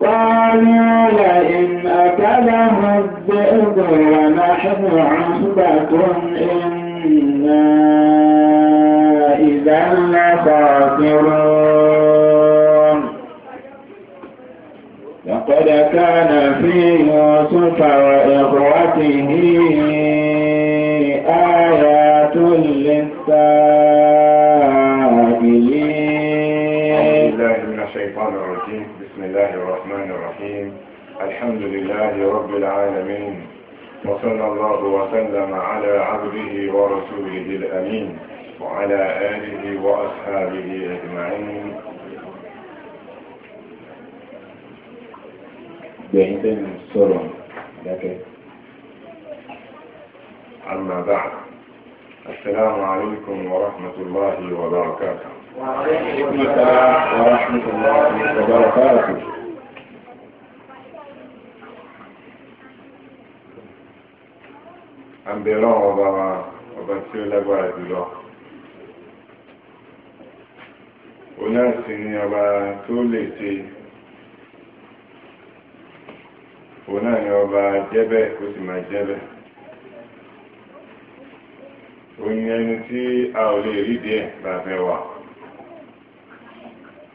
قالوا لئن أكله الذئب ونحن عصبة إنا إذا لخاسرون لقد كان في يوسف وإخوته الله الرحمن الرحيم الحمد لله رب العالمين وصلى الله وسلم على عبده ورسوله الأمين وعلى آله وأصحابه أجمعين بعيدا سرا لكن أما بعد السلام عليكم ورحمة الله وبركاته وعليكم السلام ورحمة الله وبركاته àbẹ̀rọ̀ ọba wa ọba tí ó lágbára jùlọ òun náà sì ni ọba tó lè ṣe òun náà ni ọba jẹ́bẹ̀ kó sì máa jẹ́bẹ̀ òun ni ẹni tí a ò lè rí díẹ̀ bàbá wa.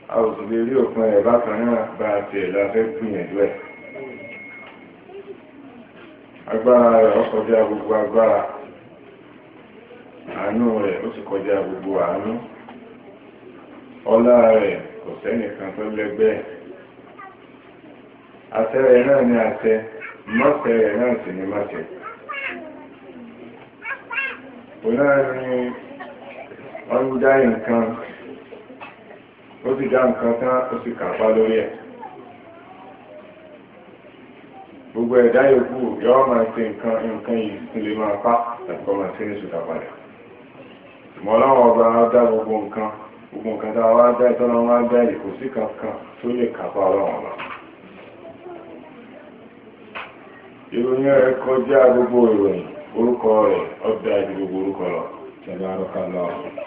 a ò sì lè rí òpin náà bá a tiẹ̀ fẹ́ ẹ̀ agbára rẹ̀ kọjá gbogbo agbára àánú rẹ̀ ó kọjá gbogbo àánú ọlá rẹ̀ kò sẹ́nìkan tó lẹ́gbẹ́ rẹ̀ náà ni rẹ̀ náà sì ó ti dá nǹkan tán ó sì gbogbo ẹ̀dá yòókù yọ́ máa ṣe nǹkan nǹkan yìí tó lè máa pa ẹ̀kọ́ máa ṣe ní ṣùgbọ́n padà ìmọ̀ ọlọ́wọ́ ọba dá gbogbo nǹkan gbogbo nǹkan tá a wá dá ìtọ́nà wá dá ìkò sí kankan tó lè kàpá ọlọ́wọ́ ọba ìròyìn rẹ̀ kọjá gbogbo ìròyìn orúkọ rẹ̀ ọ̀dà ìdí gbogbo orúkọ lọ ṣẹlẹ̀ àrùkà lọ́wọ́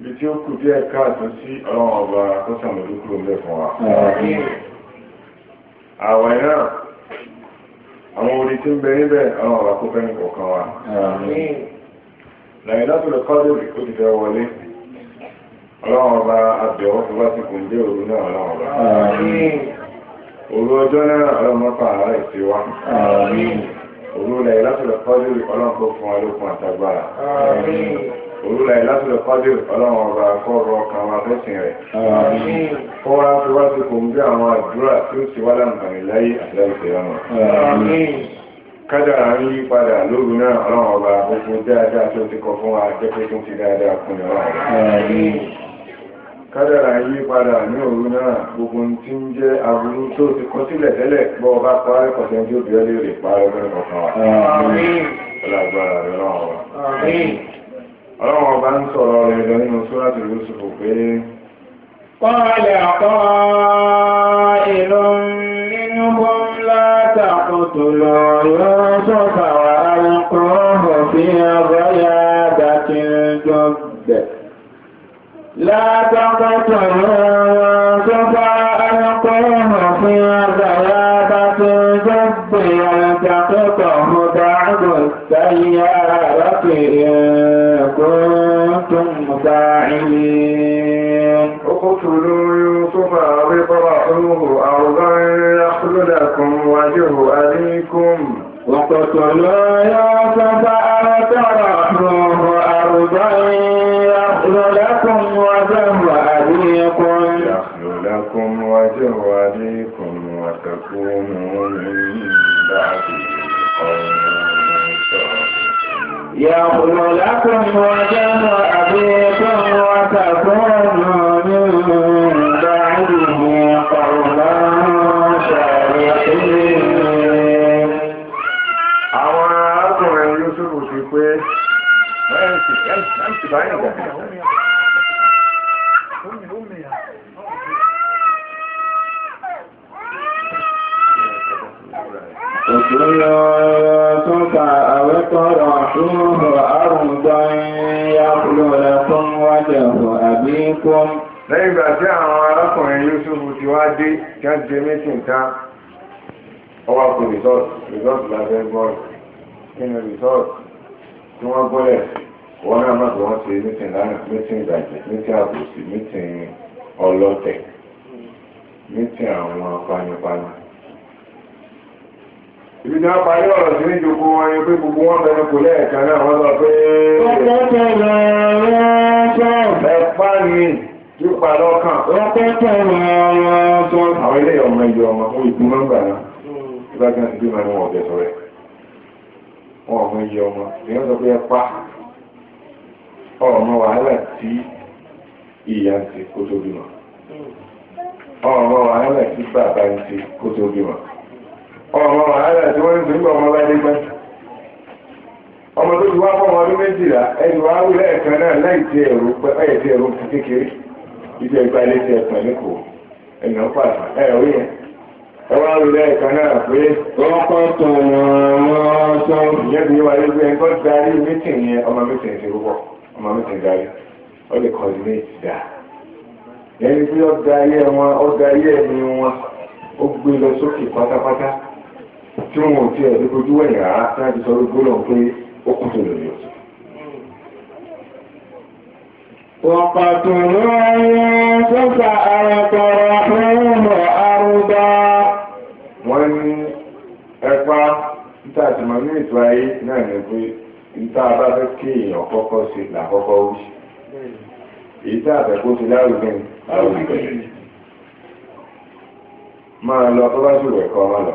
bí tí ó kù díẹ̀ káàtó sí ọlọ́run ọba tó sàmójú kúrò ń bẹ̀ fún wa. àwẹ̀ náà àwọn orí tí ń bẹ níbẹ̀ ọlọ́run ọba kó fẹ́ ní kọ̀ọ̀kan wa. lẹ́yìn náà tó lè kọ́ lórí ó ti fẹ́ wọlé ọlọ́run ọba abẹ́wọ́ tó bá ti kùn dé òru náà ọlọ́run ọba. òru ọjọ́ náà ọlọ́run mọ́ta àárá ìsí wa. òru lẹ́yìn láti lè kọ́ lórí ọlọ́run tó fún wa lókun àtagbára òrùlà ìlàsílẹ̀ pàdé ọlọ́run ọba akọ́rọ̀ ọkàn wa fẹ́sìn rẹ̀. kó wá fi wá sí kòǹgẹ́ àwọn àdúrà tí ó ti wá láǹfààní láyé àtìláìsẹ̀ ọmọ. kádàrá ń yí padà lóru náà ọlọ́run ọba gbogbo dáadáa tó ti kọ fún wa jẹ́ pé tó ti dáadáa kún ní ọlọ́run. kádàrá ń yí padà ní òru náà gbogbo tí ń jẹ́ aburú tó ti kọ sílẹ̀ tẹ́lẹ̀ bọ́ ọba parẹ́ kọ̀sẹ́ tí ó bí ọ ọlọ́run ọba ń sọ̀rọ̀ rẹ̀ lọ nínú sóràtì Yúsúfù pé kọ́ọ̀lẹ̀ àkọ́ ìlú nínú bọ́n látàkùtù كنتم فاعلين اقتلوا يوسف أو اطرحوه أرضا يخل لكم وجه أبيكم اقتلوا يوسف أو اطرحوه أرضا يخل لكم وجه أبيكم يخل لكم وجه أبيكم وتكونوا من بعده قوما يغفر لكم وجه أبيكم وتكونوا من بعده قوما صالحين àwọn arákùnrin Yusuf ti pé ẹ̀sìn báyìí وكل تقع أو طرحوه أرضا يخل لكم وجه أبيكم lẹ́yìn ìgbà tí àwọn arákùnrin Yusuf ti wá dé tí wọ́n ti mítìn tán ọwọ́ kò rìsọ́ọ̀tì rìsọ́ọ̀tì lábẹ́ bọ́ọ̀lù nínú rìsọ́ọ̀tì tí wọ́n gbọ́lẹ̀ wọ́n náà mọ̀ wọ́n ti mítìn lánàá mítìn ìgbàjẹ́ ibi tí wọ́n parí ọ̀rọ̀ sí ní ìjòkó wọn ni pé gbogbo wọn bẹ̀rẹ̀ kò lẹ́ẹ̀kan náà wọ́n sọ pé ẹ̀pá ni yípa lọ́kàn ọ̀pọ̀pọ̀ àwọn ilé ọmọ ìjọ ọmọ fún ìgbìmọ̀ gbà náà ìbájá hmm. ti bí ma ní wọn ọ̀bẹ̀ sọ̀rẹ̀ wọn ọmọ ìjọ ọmọ èèyàn sọ pé ẹ̀pá ọmọ wàhálà tí ìyá ń ṣe kó tó bímọ hmm. ọmọ wàhálà tí bàbá ń ṣe kó tó bímọ ọmọ wàhálà tí wọ́n ń ọmọ bá ọmọ tó ti wá fọmọ ọdún méjìlá ẹni wàá wí lẹ́ẹ̀kan náà láì tí ẹ̀rù pẹ́pẹ́yẹ tí ẹ̀rù ti kékeré ìjọ ìgbà ilé ti ẹ̀sán ní kò ń pàṣẹ ẹ̀rù yẹn ẹ wá náà pé. ọkọ tó ọmọ tí wọn ò tí ẹ̀ lójú ẹ̀yìn rárá láti sọ wípé lọ pé ó kù tó lòdì ọ̀sán. وقتلوا أنفس أن ترحوه أرضا wọ́n ní ẹ̀pá níta àti mọ̀ ní ètò ayé náà ní pé níta bá fẹ́ kí èèyàn kọ́kọ́ sí làkọ́kọ́ wí èyí tá àtẹ̀kọ́ sí lárugẹ lárugẹ máa lọ tó bá sì wẹ̀ kọ́ máa lọ.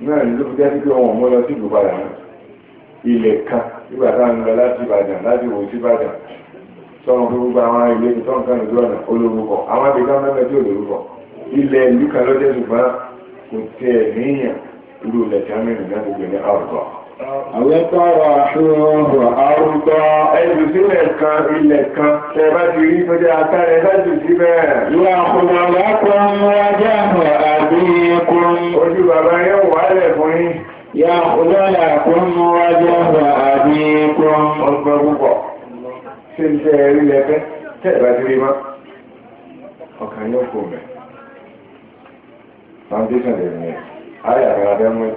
náà ní ló fi jẹ́ pé wọn ò sí ìlú náà ilẹ̀ kan nígbà tá ń lọ láti Ìbàdàn láti wò sí Ìbàdàn sọ̀rọ̀ fún gbogbo àwọn ilé tó tọ́ nǹkan ìlú ọ̀nà olórúkọ àwọn abẹ́ká mẹ́mẹ́ tí olórúkọ ilẹ̀ ìlú kan lọ́jọ́ ṣùgbọ́n kò tiẹ̀ níyàn irú ilẹ̀ tí náà gbogbo ní àwùjọ. Àwẹ́tọ́rọ̀ àṣúrọ̀ àrùtọ́ ẹ̀sùn sílẹ̀ kan ilẹ̀ kan ṣẹ bá ti rí tó jẹ́ àtàrẹ lẹ́sùn sí bẹ́ẹ̀. Ìwà àkùnrin lápọ̀ wájá àdínkùn. Ojú bàbá yóò wálẹ̀ fún yín. Ìyá àkùnrin lápọ̀ wájá àdínkùn. Ọgbọ́n púpọ̀. Ṣé iṣẹ́ rí lẹ́fẹ́? Tẹ́ bá ti rí mọ́. Ọkàn yóò kò mẹ́. Foundation lè rìn ẹ̀. Ayà ẹ̀.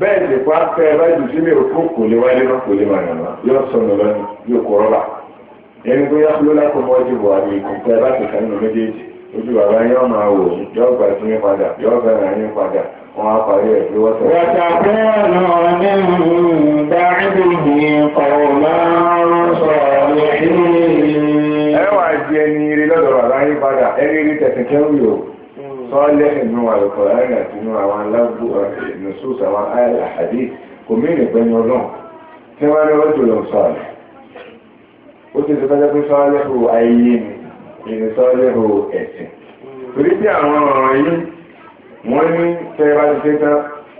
bẹ́ẹ̀ i pa tẹ ẹ báyìí sílẹ̀ òkú kò lè wáyé náà kò lè máa yàn ya yóò sọnù lọ́nà yóò kọ́ rọ́bà ẹni tó yá ló mọ́ ojú buhari kò tẹ ẹ bá nínú méjèèjì ojú bàbá yóò máa wò yóò gbà sí yín padà yóò gbà náà yín padà wọn á parí ẹ̀ pé wọ́n sọ. wàtà fẹ́ràn lọ́dọ̀ bàbá yín padà ẹni sọ́ọ́lẹ̀ inú alùpùpù àti inú àwọn alágbó eh, nùsùsù àwọn àhàdí kò mìíràn pẹ̀lú ọlọ́run tí wọ́n ní ọjọ́ lọ sọ́ọ̀lẹ̀ ó ti sọ pé sọ́ọ́lẹ̀ hù ayé ni ìní sọ́ọ́lẹ̀ hù ẹ̀sìn torí pé àwọn ọ̀ràn yìí wọ́n ní tẹ́ bá ti ṣe tán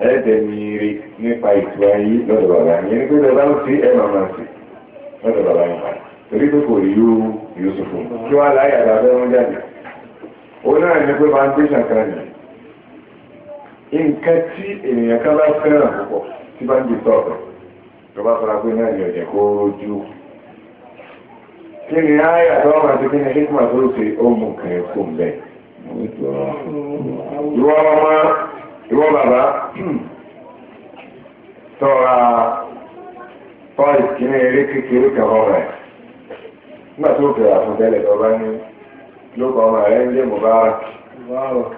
ẹ̀ẹ́dẹ̀mìírí nípa ìtù ayé lọ́dọ̀ bàbá ní pẹ́lú ọba ń sí sí lọ́dọ̀ bàbá torí pé kò yíó Yusufu kí wọ́n láyé àgbàfẹ́ wọn jáde òun náà ní pé máa ń pèsè àkàrà nìyẹn nǹkan tí ènìyàn kan bá fẹ́ràn púpọ̀ tí bá ń di tọ́ọ̀tọ̀ tó bá fara pé náà kó kí ni ti hikma tó ṣe kíní eré kékeré kan fún rẹ̀ nígbà tó bẹ̀rẹ̀ àfọ̀tẹ́lẹ̀ tó bá ní lóko ọmọ rẹ̀ ń jẹ́ Mubarak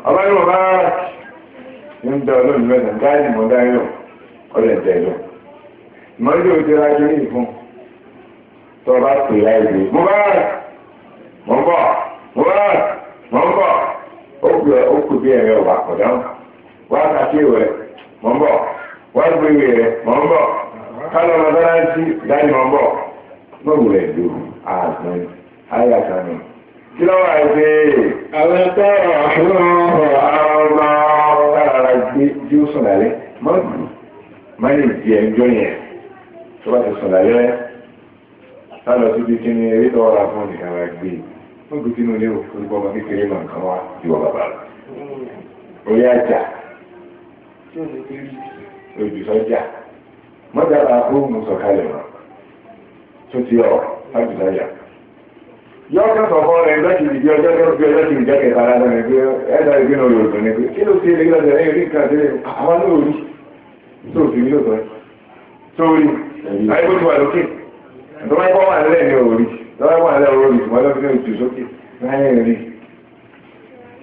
ọmọ ní Mubarak ń dọ̀ lónìí mẹ́ta ń dáhìn mọ́ dáhìn lò ó lè tẹ̀ ìfún tó bá pè láì dé ń ń ó kù bí ń gbé ń kálọ̀ mọ́sálásí dáìní wọn bọ̀ lóògùn rẹ̀ dùn àgbọn ayé àtàmì. kí ló wà ṣe. àwọn ẹgbẹ́ ọ̀hún ọ̀rọ̀ kárára gbé jí ó sùn lálẹ́ mọ́tò má lè di ẹjọ́ yẹn tó bá ti sùn lálẹ́ sálọ síbi kí ni eré tó wà fún nìkan rẹ̀ gbé wọ́n gbé sínú ilé orúkọ ọmọ kékeré náà kan wá ju ọba bàbá orí ajá lójú sọ́jà mọ́dára oòrùn sọ̀kalẹ̀ wọn tó ti ọ̀ lájúláyà yọ kẹsàn fọ́ rẹ̀ lọ́kìlì bí ọjọ́ tó gbé lọ́kìlì jákè tara lọ́nà pé ẹ̀dá ìgbé náà yóò tó ní pé kí ló ti rí lọ́dọ̀ ẹ̀yìn rí kan sílẹ̀ àwọn lóòrí tó ti rí lọ́dọ̀ sórí àyíkó wà lókè tó máa ń kọ́ wà lẹ́lẹ́ ní òòrí tó máa ń wà lẹ́lẹ́ òòrí tó máa lọ́kìlì tó sókè láyé rí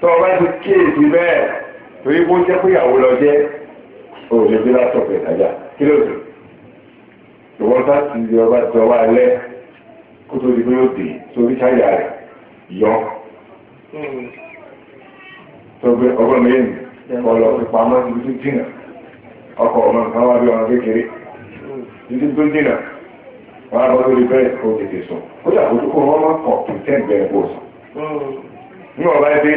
tọ́ ọba ti kíyèsí bẹ́ẹ̀ torí bó jẹ́ pé ìyàwó lọ jẹ́ òòlù bí látọ̀pẹ̀ ìtajà kí ló dé ìwọ́n bá ti di ọba ti ọba alẹ́ kó tó di pé ó dé sórí ṣáyà rẹ̀ yọ tó gbé ọgbọ́n mẹ́rin ọlọ́ fi pamọ́ ibi tó jìnà ọkọ̀ ọmọ nǹkan wá bí ọmọ kékeré ibi tó jìnà wọn á lórí bẹ́ẹ̀ kó tètè sùn ó dàbójúkọ wọn máa kọ̀ tó tẹ́ ìgbẹ́ ẹ̀kọ́ sùn. ní ọba ẹgbẹ́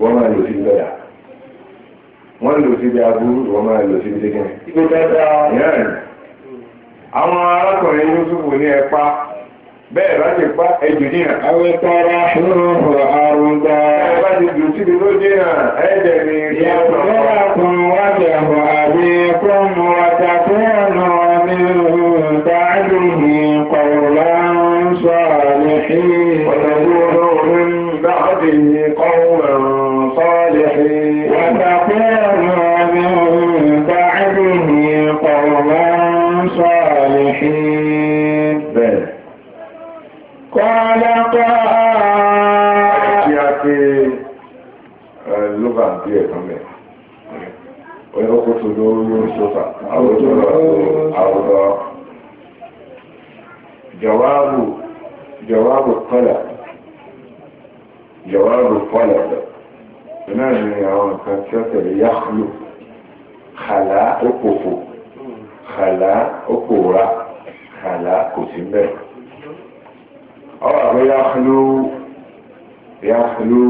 wọ́n máa lò sí dọ́là wọ́n lò síbi aburú wọ́n máa lò síbi dégẹ́. ibi dáadáa. yẹn àwọn arákùnrin Yusuf ní ẹ pa bẹ́ẹ̀ bá ti pa ẹjù níyàn. àwọn tọrọ ṣòro àrùn gbà. ẹ bá ti jù síbi ló ẹ̀jẹ̀ ìyàwó Kọ́lá kọ́lá. Kí a ké lóba bí ẹ̀tàn mẹ́. Oyún kó tó lórí sọ́fà, àwùjọ àwùjọ. Jọ̀wáàbù jọ̀wáàbù kọ́lá. Jọ̀wáàbù kọ́lá lọ. Iná ni àwọn nǹkan tí ó ọwọ́ àgbẹ̀ yá fúlú yá fúlú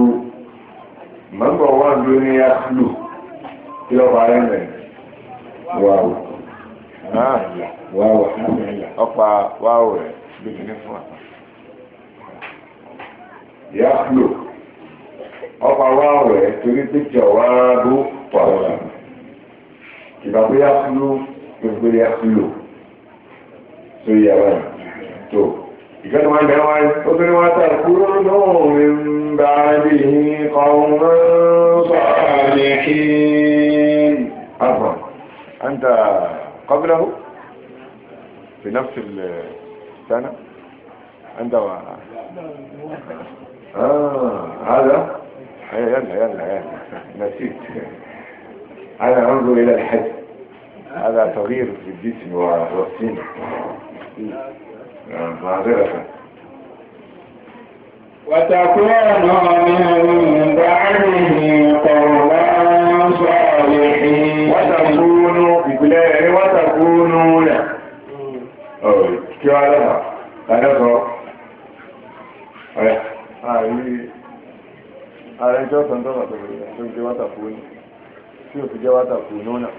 mọ́gbọ̀ wà dúró ní yá fúlú tí ọba rẹ̀ mẹ́ wàwù wàwù ọ̀pá wàwù rẹ̀ bíbí ní fún wa. yá fúlú ọ̀pá wàwù rẹ̀ torí pé jọ wá bú pàwọ́ ìbàgbé gbogbo yá tó yẹ tó. ìgbẹ́ni wọn bẹ̀rẹ̀ wọn ó tún ní wọn صالحين عفوا أنت قبله في نفس السنة أنت و... آه هذا يلا يلا يلا نسيت أنا أنظر إلى الحج هذا صغير في الجسم والسن ظاهرة وتكون من بعده قوما صالحين وتكون إبلاه وتكونون كيف عليها؟ أنا صار ààrẹ ìjọ sọ̀tọ̀ àtọ̀gbẹ̀rẹ̀ tó jẹ́ wátàkù ní tí ò fi jẹ́ wátàkù náà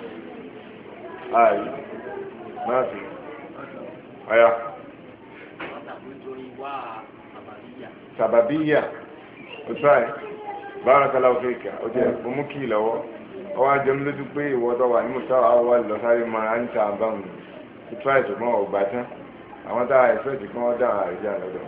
ààrẹ máa fi ọ̀yà. sàbàbíyà òtún àyè báwọn kala òfin kà ó jẹ mo mú kí ìlọ́wọ́ ọwọ́ ajẹ́ mi lójú pé ìwọ tó wà ní mùsáwà wà lọ sáré máa ń ta àbáwọn a ẹ̀fẹ́ ti kán dá àìjá lọ́dọ̀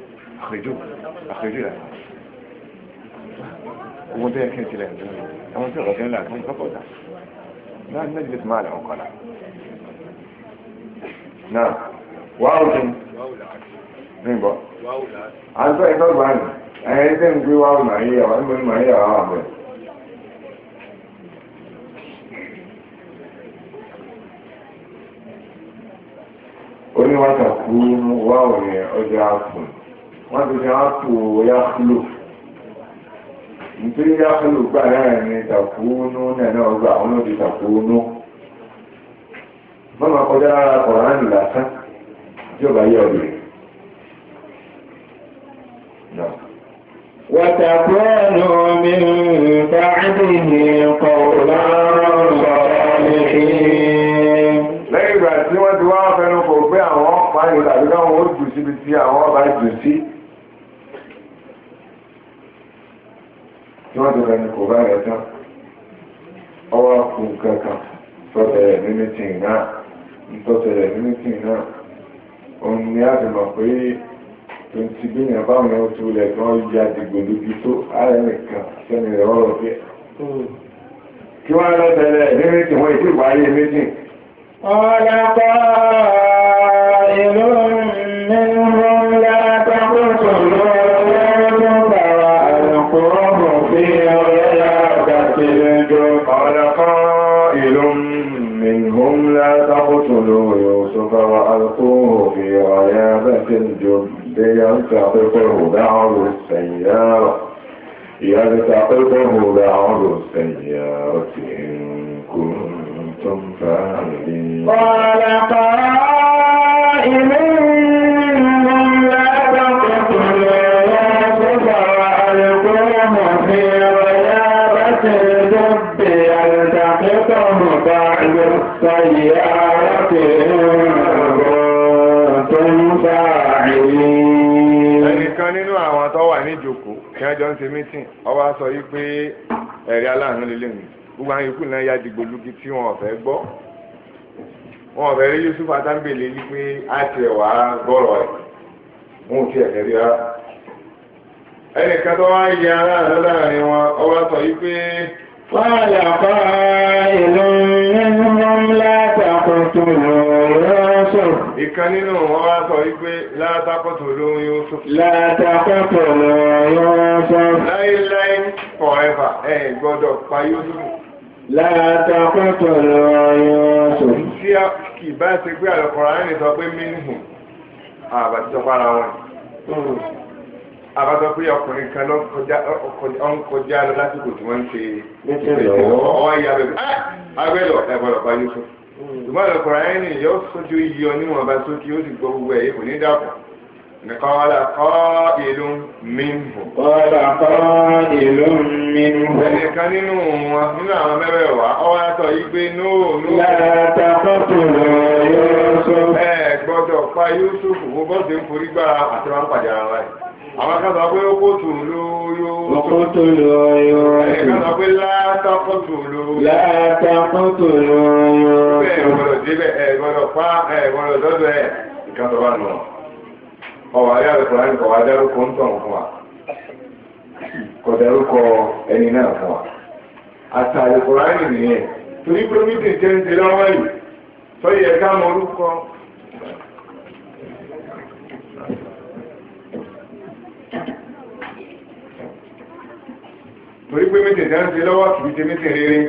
àkèjú àkèjú rẹ̀ ogun tó yẹ kí n tilẹ̀ ní àwọn tí ọ̀rọ̀ kẹ́lá fún ìkọ́kọ̀ dà náà ní ẹ̀jẹ̀ máa làwọn kọ́lá náà wàá òjò ní bọ́ à ń sọ ẹ̀kọ́ gbà ní ẹ̀yẹ tẹ́ ń gbé wàá òmà yìí àwọn ẹ̀mọ́ ní màá yà wà bẹ̀. oníwàtà kú wàá òní ọjà fún un. wọ́n ti fi ya fúlò nítorí ya fúlò gbà náà ní tàkúnú náà náà gbà wọn náà wọ́n máa kọjá ara kọ̀ọ̀rán lásán tí ó bá yẹ ọ̀dọ̀ وتكونوا من بعده قولا صالحين lẹ́yìn ìgbà tí wọ́n ti wá fẹnu kò gbé àwọn ọ̀pá ìlú tàbí káwọn ó tí hmm. wọ́n jọra ní kò bá rẹ̀ tán ọwọ́ kù kankan onye ni tonti bí yàn báwọn yàn tó lẹ̀ tí wọ́n yí àdìgbò lójú tó ààrẹ nìkan sẹ́ni rẹ̀ ọ̀rọ̀ pé kí يلتقطه بعض السيارة يلتقطه بعض السيارة إن كنتم فاعلين قال قائل يلتقطه بعض السيارة kí wọ́n jọ ń ṣe mítìn ọba sọ yìí pé ẹ̀rí aláàánú lélẹ̀ mi gbogbo àwọn ikú náà ya dìgbò lókì tí wọn ò fẹ́ gbọ́ wọn ò fẹ́ rí Yusuf atábìlẹ̀ yìí pé á tiẹ̀ wá gbọ́rọ̀ ẹ̀ wọn ò tiẹ̀ fẹ́ rí rárá ẹnìkan tó wá yẹ aláàánú láàrin wọn ọba sọ yìí pé wọ́n yà fáà ìlú nínú láti àkótó lọ ìkan nínú wọn wá sọ wípé látàkọ́tò lóyún Yusuf. látàkọ́tò lóyún Yusuf. láíláí forever ẹ gbọ́dọ̀ pa Yusuf. látàkọ́tò lóyún Yusuf. tí a kì bá ṣe pé àlùkùránì ní sọ pé mínú àbàtí sọ para wọn àbátọ hmm. pé ọkùnrin kan ló ń kọjá lọ lásìkò tí wọ́n ń ṣe ọwọ́ ìyá bẹ̀rẹ̀ agbẹ́lọ̀ ah, ẹ̀gbọ́dọ̀ bá Yusuf. Mm. ṣùgbọ́n ìlọ́kọ̀ọ́ ayé ni yóò sojú iye ọ níwọ̀n bá sókè ó sì gbọ́ gbogbo ẹ̀yẹ kò ní dàpọ̀ قال قائل منهم قال قائل منهم ẹnìkan nínú wọn nínú àwọn mẹ́rẹ̀ wá ọwọ́ àtọ̀ yìí pé nóò nóò ẹ pa Yusuf ń forí gbára pàdé ara àwọn akẹ́kọ̀ọ́ pé ó kóòtù lóyó ọkọ̀tù lóyó ẹ̀kọ́ pé látàkọ̀tù lóyó látàkọ̀tù lóyó ẹ̀gbọ́dọ̀ débẹ̀ ẹ̀gbọ́dọ̀ pa ẹ̀gbọ́dọ̀ lọ́dọ̀ ẹ̀ ìkàtọ̀wà nù ọwọ́ ayé àlùkùnrin ní kọ̀wá dárúkọ ń tàn fún wa kọ̀ dárúkọ ẹni náà fún wa àtàlùkùnrin nìyẹn torí pé mítìn tẹ́ ń ṣe lọ́wọ́ yìí sọ yẹ ká mọ orúkọ torí pé mítìn tí wọ́n ti lọ́wọ́ kì í rere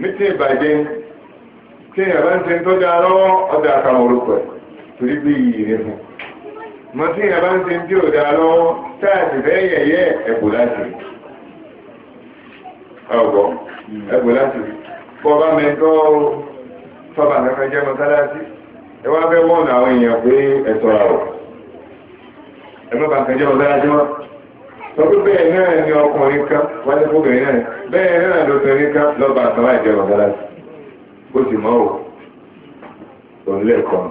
mítìn ìbàjẹ́ tí èèyàn bá ń ṣe tọ́jà lọ́wọ́ ọjà àtàwọn orúkọ torí pé iyì rẹ̀ fún tí èèyàn bá ń ṣe tí ò lọ́wọ́ táàtì fẹ́ yẹ̀yẹ́ láti láti sọ pé bẹ́ẹ̀ náà ni ọkùnrin kan wáyé fóbìnrin náà bẹ́ẹ̀ náà lóbìnrin kan lọ́ba àtàwọn ìjọba galaxy ó sì mọ́ ò òun lẹ́ẹ̀kan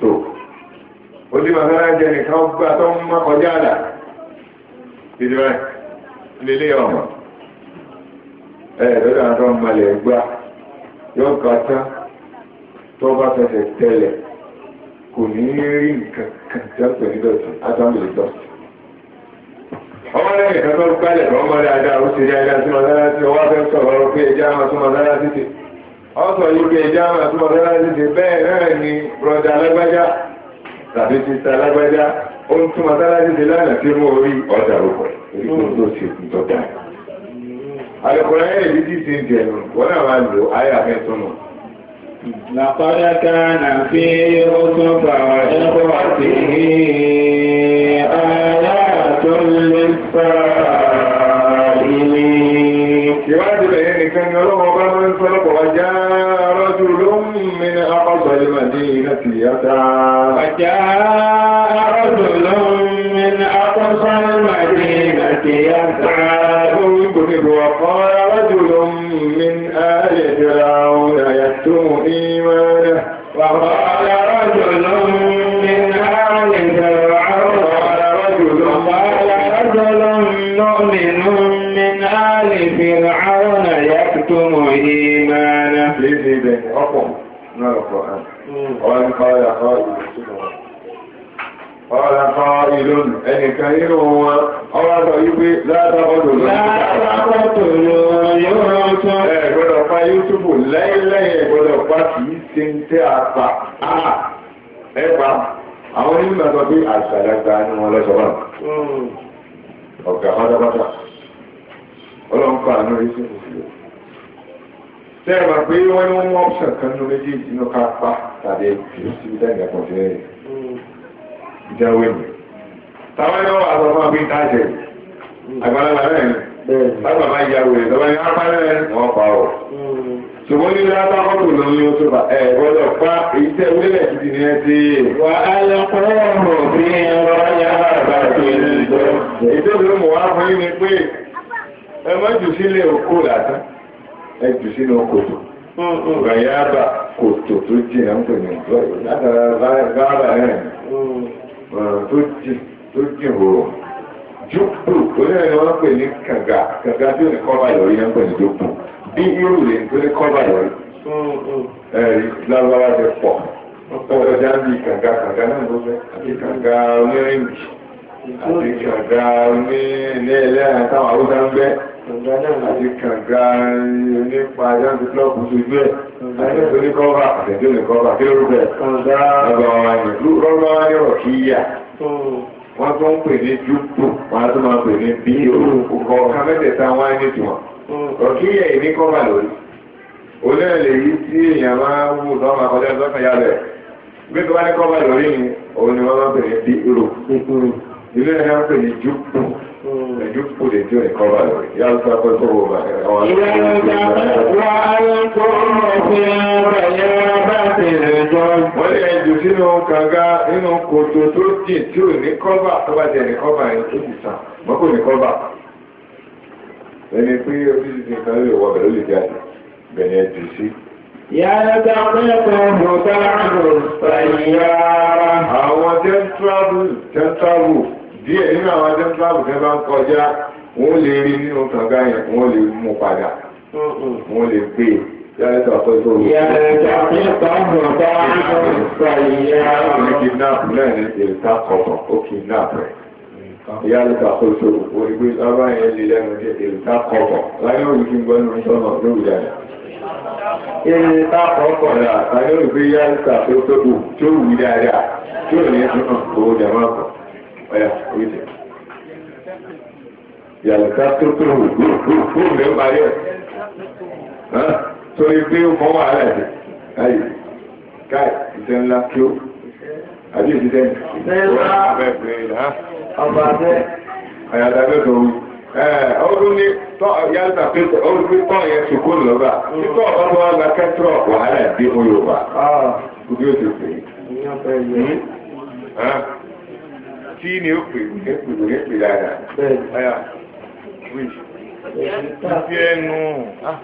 tó ó sì máa sára jẹ nìkan gbà tó ń má kọjá àlà ìdíbà lílé ọmọ ẹ lọ́dọ̀ àwọn tó ń malẹ̀ gbá yóò ká tán tó bá fẹsẹ̀ tẹ̀lẹ̀ kò ní rí nǹkan kan tí wọ́n pè ní dọ̀tí átàmìlì dọ̀tí. ọmọ lẹ́yìn kan tó gbálẹ̀ lọ ọmọ dáadáa ó ṣe dáadáa sí mọ́sálásí ọwọ́ fẹ́ sọ̀rọ̀ pé ẹja máa tún mọ́sálásí ṣe sọ yìí pé ẹja máa ni لقد كان في آيات السائلين بيني وجاء رجل من أقصى المدينة يسعى وجاء رجل من أقصى المدينة وقال رجل من آل فرعون يكتم إيمانه وقال ọ̀pọ̀ náà lọ́pọ̀ ẹ̀ ọ̀rẹ́ nípa ọ̀rẹ́ àkọ́ ìlú ọ̀rẹ́ àkọ́ ìlú ẹnìkan nínú wọn ọ̀rẹ́ àkọ́ wípé ọrụ lọ́wọ́ ọrụ pa yútúbù lẹ́yìnlẹ́yìn ẹ̀gbọ́dọ̀ pa kìí ṣe ń tẹ́ àpà ẹ̀pà àwọn sẹ́ẹ̀mà pé wọ́n ní wọ́n mú option kan nínú méjì nínú ká pa tàbí kìrìsì lẹ́yìn ẹ̀kọ́ jẹ́ ìjáwé mi. táwọn ẹni wọn àtọ̀ fún abíyí tájẹ̀ hmm. àgbàlagbà náà ni lágbà máa ya wèrè lọ́wọ́ hmm. ní apáyé wọn pa ọ̀. ṣùgbọ́n ní látà kọ́tù ló ń yóò sọ́ba ẹ̀ gbọ́dọ̀ pa èyí tẹ́ wílẹ̀ títí ní ẹ ti. wà á lọ kọ́ọ̀mù bí ọ̀rọ̀ yà bàbá tó ń lọ ẹjù sínú kòtò ràyàbà kòtò tó jìnà ń pè ní ìjọ látara gáàbà rẹ̀ mm. tó jì tó jì hòrò jùpù tó ní ẹni wọ́n pè ní kànga kànga tí ó ní kọ́bà lórí ẹ̀ ń pè ní jùpù bí irú rẹ̀ tó ní kọ́bà lórí ẹ̀rí lárúbáwá ti pọ̀ ọ̀dọ̀ jáde kànga kànga náà ló fẹ́ àti kànga onírin jù àti kànga ní ilé ilé àtàwọn àwúdá ń bẹ́ àti kànga nípa jáde klọ́ọ̀bù sójú ẹ̀ àti ní kọ́ọ̀bà àtẹ̀jọ́ ní kọ́ọ̀bà kí ló rúbẹ̀ ọgbọ̀n rọ́gbọ́n ní ọ̀kíyà hmm. wọ́n tó ń pè ní júpù wọ́n tó máa pè ní bí orúkọ kámẹ́tẹ̀ẹ̀ta wọ́n á ní tiwọn hmm. ọ̀kíyà ìní kọ́ọ̀bà lórí olóòlè yìí tí èèyàn máa ń wù lọ́wọ́ àkọjá tó ni òun ni wọ́n máa pè ní bí ilé ẹ̀yà ń pè ní jùpù ẹ̀jùpù lè tí ò ní kọ́ bá lọ yá ló sọ pé kó wò bá àwọn ilé ẹ̀yà wà á ló tó rọ̀ sí ọ̀rọ̀ yẹn bá ti rẹ̀ jọ. wọ́n lè jù sínú kànga nínú kòtò tó jì tí ò ní kọ́ bá tó bá jẹ́ ní kọ́ bá yẹn tó ti sàn mọ́ kò ní kọ́ bá. ẹni pé oríṣiríṣi nǹkan lè wọ bẹ̀rẹ̀ lè jáde bẹ̀rẹ̀ jù sí. Yàrá Àwọn tẹ́ntàbù tẹ́ntàbù díẹ̀ nínú àwọn adẹ́ńtàbù tẹ́ bá ń kọjá wọ́n lè rí nínú kànga yẹn wọ́n lè mú padà wọ́n lè gbé e. Yàrá ìtàn àkọ́jọ́ òru. Yàrá ìtàn àkọ́jọ́ òru. Yàrá ìtàn àkọ́jọ́ òru. Yàrá ìtàn àkọ́jọ́ òru. Orígbé sábà yẹn lè lẹ́nu Láyé òru kí n gbọ́ nínú sọ́nà lórí kọ̀ọ̀kọ̀ ọ̀yà oríṣi. tó tó fún mi ó parí ẹ̀. Sori pé ó fọwọ́ ara ẹ̀ káyì káyì ìṣẹ́ ńlá kí ó. Àbí ìṣiṣẹ́ ọba abẹ́. Àyàdá bẹ́ẹ̀ tó wù. Ọdún ní tọ́ yálùkà pé ọdún pé tọ́ yẹn ṣùkú lọ́ba. Títọ́ wa dé ti pè é. tí ni ó pè é pè é pè dáadáa. Bẹ́ẹ̀ ni ẹnu. Ah.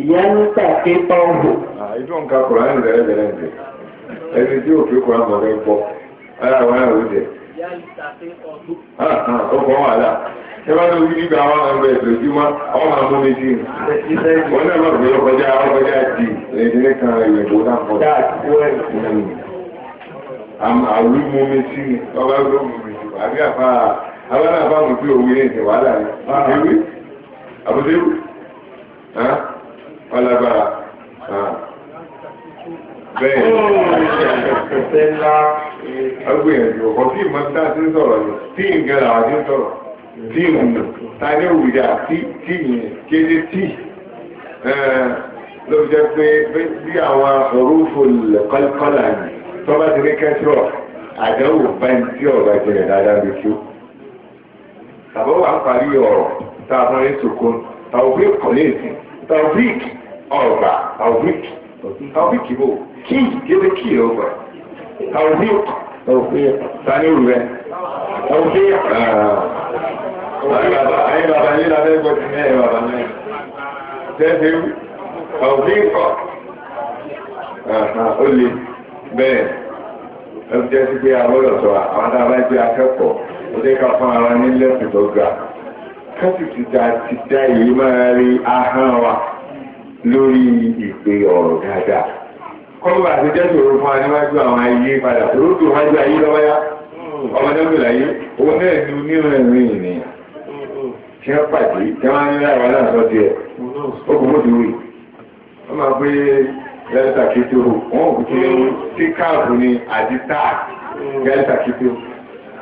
Ìyá ń tàké pọ́ǹbù. Ìjọ nǹkan kọ̀ọ̀rọ̀ ẹ̀rù rẹ̀ rẹ̀ rẹ̀ rẹ̀. Ẹni tí òfin kọ̀ọ̀rọ̀ àmọ̀ rẹ̀ pọ̀. Ara àwọn ẹ̀rù jẹ. Ìyá ń tàké ọdún. Ọkọ̀ ní orí nígbà àwọn ọmọ ẹgbẹ́ ìdòjúmọ́ àwọn ọmọ ọmọ méjì wọn náà lọ́gbẹ̀ẹ́ ọkọjá ọkọjá di ẹ̀dínlẹ́kan ìwẹ̀bọ̀ náà pọ̀ àlùmọ́mi sí ni ọba lọ́mọ́mi jù àbí àfa àwọn náà bá mọ̀ pé òwe ní ìsìn wàhálà ni ewé àbúté wù ọlábàrà bẹ́ẹ̀ agbóyànjú ọkọ̀ tí ìmọ̀ tá a ti ń sọ̀rọ̀ ni tí nǹkan làwọn ti ń sọ̀rọ̀ tí ìmùnà ta ní òwúrọ̀ àti tí ìyẹn kéde tí ló fi jẹ́ pé bí àwọn orúfò kọ́lá ni tọ́ba ti rí kẹ́tọ́ àdánwò báyìí tí ọ̀rọ̀ ìjìnlẹ̀ dáadáa lè tó. tàbí wà ń parí ọ̀rọ̀ tá a fọ́n ní sòkò taofik kọ́lẹ́ẹ̀sì taofik ọ̀gbà taofik taofik bò kí yéé kí yóò gbà taofik sani òru rẹ taofik ah. ayé baba yé la bẹ́ẹ̀ gbọ́ sí ní ẹ̀yẹ baba náà tẹ́tẹ́ taofik ọ̀ ah, ah, ó le. bẹ́ẹ̀ ẹ jẹ́ sí pé àwọ̀dọ̀ sọ àwọn a akẹ́kọ̀ọ́ ó ká fún ara ní lẹ́sìn tó ga kásì ti ti da èyí máa rí ahọ́n wa lórí ìpè ọ̀rọ̀ dáadáa kọ́lùbà àti jẹ́sòro fún wa àwọn ayé padà rúdù wájú ayé lọ́wọ́ ọmọ náà náà ní ènìyàn tí wọ́n pàdé tí wọ́n á ní náà sọ tiẹ̀ ó kò lẹ́tà kìtìrù wọ́n kò tí ń tí káàbù ní àdítà mm. lẹ́tà kìtìrù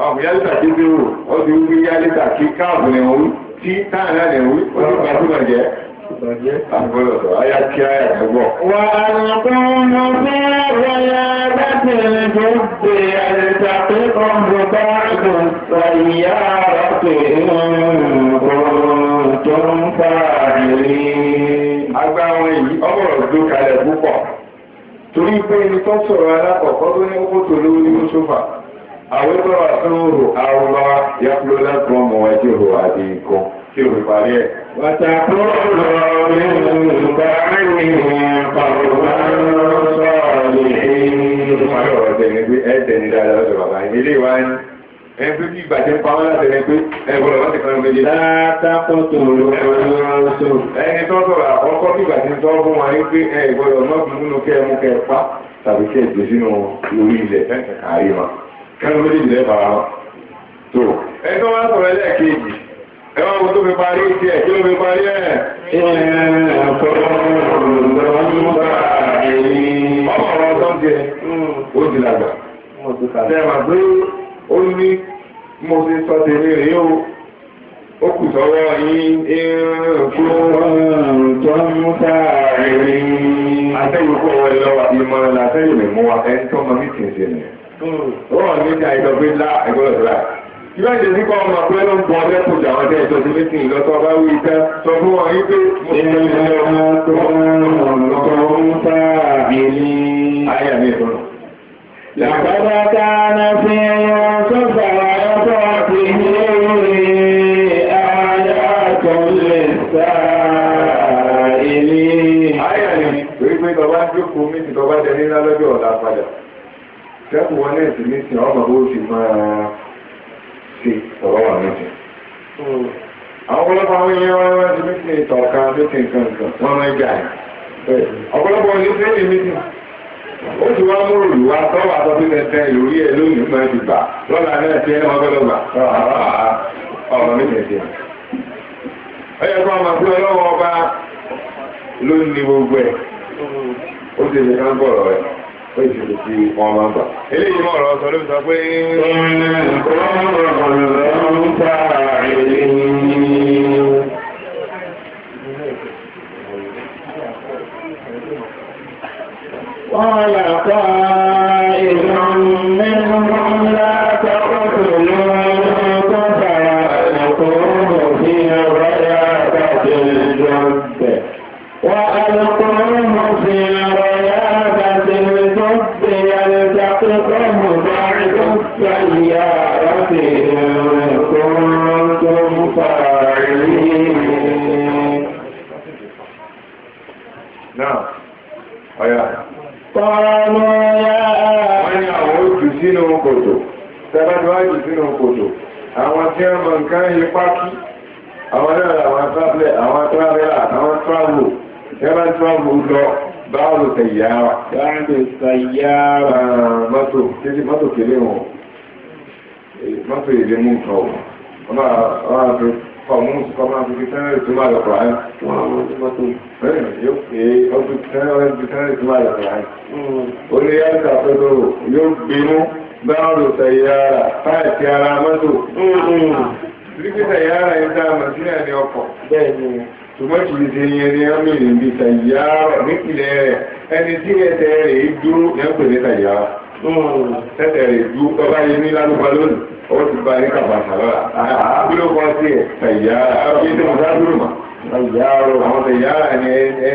ọ̀pọ̀ yálítà kìtìrù ó ti wí yálítà kí káàbù ní òun tí táà náà ní òun ó ti gbajúmọ̀ jẹ́ àgbọ̀lọ̀dọ̀ ayá kí ayà gbọ́. wà á lọ́kùnrin fún ọ̀rọ̀yà látìrìn tó gbé àdítà pé ọ̀gbọ̀n bá gùn sàyà rọ̀pẹ̀ nínú kòrò tó ń fà agbára wọn yìí ọgbọ̀rọ̀ gbé kalẹ̀ púpọ̀ torí pé ibi tó sọ̀rọ̀ alákọ̀ọ́kọ́ tó ní kókó tó lówó ní mọ́sọ́fà àwọn tó wà tó ń rò arúgbá yàtúlọ́ lẹ́kọ̀ọ́ mọ̀ wá tí ò nǹkan parí ẹ̀. tó lọ e. sọ̀rọ̀ ẹgbẹ́ bí ìgbàjẹ́ pa wọ́n láti rẹ pé ẹgbọ́n láti kan méje. látàkọ́ tó lọ sọ. ẹni tó sọ̀rọ̀ àkọ́kọ́ bí ìgbàjẹ́ tó fún wa ní pé ẹgbọ́n mọ́gbìnrin kẹ́ mú kẹ́ pa tàbí kẹ́ gbé sínú orí ilẹ̀ fẹ́ǹkà kárí wa kẹ́nu méjì lẹ́ bàrà wa. tó ẹni tó wá sọ̀rọ̀ ẹlẹ́ẹ̀kejì ẹ wá wo tó fi parí ti ẹ̀ kí ló fi parí ó ní mo ti sọ tèmi rèé o ó kù sọ́wọ́ yín ẹ̀rùn tó ń mú sáàrin àtẹ́yìn kó wọ́n lọ́wọ́ ìmọ̀ràn látẹ́yìn lè mú wa ẹni tó mọ̀ mítìn sí ni wọ́n ní ìjà ìjọba ńlá ẹgbọ́n ìlà ìwé ìdè sí kọ́ ọmọ pé ló ń bọ ọdẹ kò jà wọn dé ìtọ́jú mítìn lọ́tọ́ bá wí tẹ́ sọ fún wọn yí pé mo ti ọmọ tó ń sáàrin àyà jókòó méjì tó bá dẹni ńlá lọ́jọ́ ọ̀la padà sẹ́kù wọn náà sì sìn ọmọ bó ti máa ṣe ọ̀rọ̀ wà lọ́jọ́. Hmm. ọ̀pọ̀lọpọ̀ àwọn èèyàn wọn wá sí mítì ìtọ̀ọ̀ka lókè nǹkan nǹkan wọn máa ń jà ọ̀pọ̀lọpọ̀ ó ti wá wá ẹ̀ lónìí máa ti gbà lọ́la náà ti ó ti ṣe ká ń ọrụ rẹ̀ ó ti ṣe ti wọn máa gbà. eléyìí mọ̀ ọ̀rọ̀ sọ ló fi sọ pé. kan ní pákí àwọn náà àwọn travel àwọn travel àwọn travel seven travel lọ báàlù tẹ̀yára báàlù tẹ̀yára mọ́tò títí mọ́tò kéré wọn mọ́tò èdè mú nǹkan wọn wọn náà wọn mú kọ máa fi tẹ́lẹ̀ tó máa lọ pọ̀ mọ́tò bẹ́ẹ̀ yóò pé ọdún tẹ́lẹ̀ tó máa Rígbésà yára ẹ̀ta Màsínà ní ọkọ̀. Bẹ́ẹ̀ni. Ṣùgbọ́n kì í ṣe yẹn ní ọmọ ìrìn bíi tàyára nípìnlẹ̀ rẹ̀. Ẹni tí ẹsẹ̀ rẹ̀ dúró ní ọ̀pẹ̀ ní tàyára. Ẹsẹ̀ rẹ̀ dúró ọba yẹn ní lálùbá lónìí. Ó ti bá ní kàbàtà lọ́la. Àbúrò kan sí ẹ̀ tàyára. Àwọn ìṣẹ́ mọ̀sá dúró mà. Tàyára. Àwọn tàyára ni ẹ̀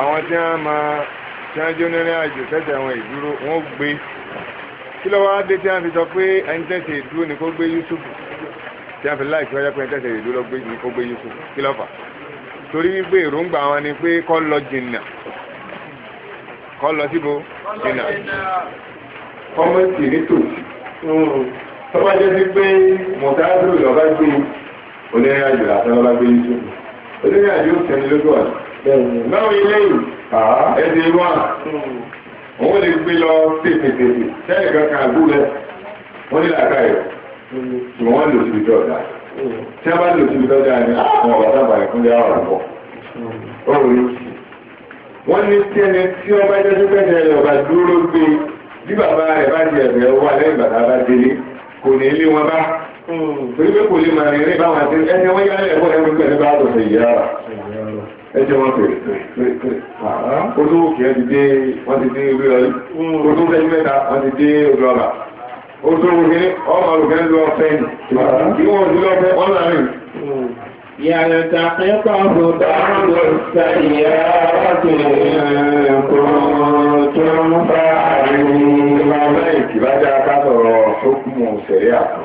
àwọn tí wọ́n máa tí wọ́n jóná ní àjò tẹ́tẹ̀ àwọn ìdúró wọ́n gbé kí ló wá dé tí wọ́n fi sọ pé ẹni tẹ́tẹ̀ ìdúró ni kó gbé Yusuf tí wọ́n fi láìsí ọjọ́ pé ẹni tẹ́tẹ̀ ìdúró ni kó gbé Yusuf kí ló fà torí wípé èròǹgbà wọn ni pé kó lọ jìnnà kó lọ síbo jìnnà ọmọ sì ní tòsí mm. tọ́bajẹ́ sí pé mọ̀tàdúró lọ́ba gbé onírìnàjò àtàlọ́ba gbé Yusuf olórí àjò tẹ̀lé lójú ọ̀nà náà ilé yìí ẹ̀dẹ̀ wà hmm. òun lè gbé lọ tètètètè sẹ́yìn kankan àgbúlẹ̀ wọ́n ní làákà yọ hmm. ṣùgbọ́n wọ́n lò síbi dọ́ọ̀dà hmm. tí a bá lò síbi dọ́ọ̀dà ni àwọn ọ̀rọ̀ sábà ìkúnlẹ̀ ọ̀rọ̀ pọ̀ ọ̀rọ̀ yìí wọ́n ní tí ẹni tí ọba jẹ́jú pẹ́ẹ́jẹ́ rẹ̀ ọba dúró gbé bí bàbá rẹ̀ bá ti ẹ̀bẹ̀ wà lẹ́yìn bàbá bá délé kò ní ilé wọn bá torí pé kò lè máa rìn rìn báwọn àti ẹni wọ́n yára ẹ̀kọ́ ẹ̀kọ́ ẹ̀kọ́ ẹ̀kọ́ àtọ̀ sí ìyá ẹjọ́ wọn pè olówó kìí ti dé wọ́n ti dé ìlú ọ̀lẹ́ mẹ́ta wọ́n ti dé ìlú ọ̀bà olówó kìí ọmọ olùkẹ́ lọ fẹ́ kí wọ́n ti lọ tó ń bá àárín. Ìgbà mẹ́rin kìí bá jẹ́ akásọ̀rọ̀ tó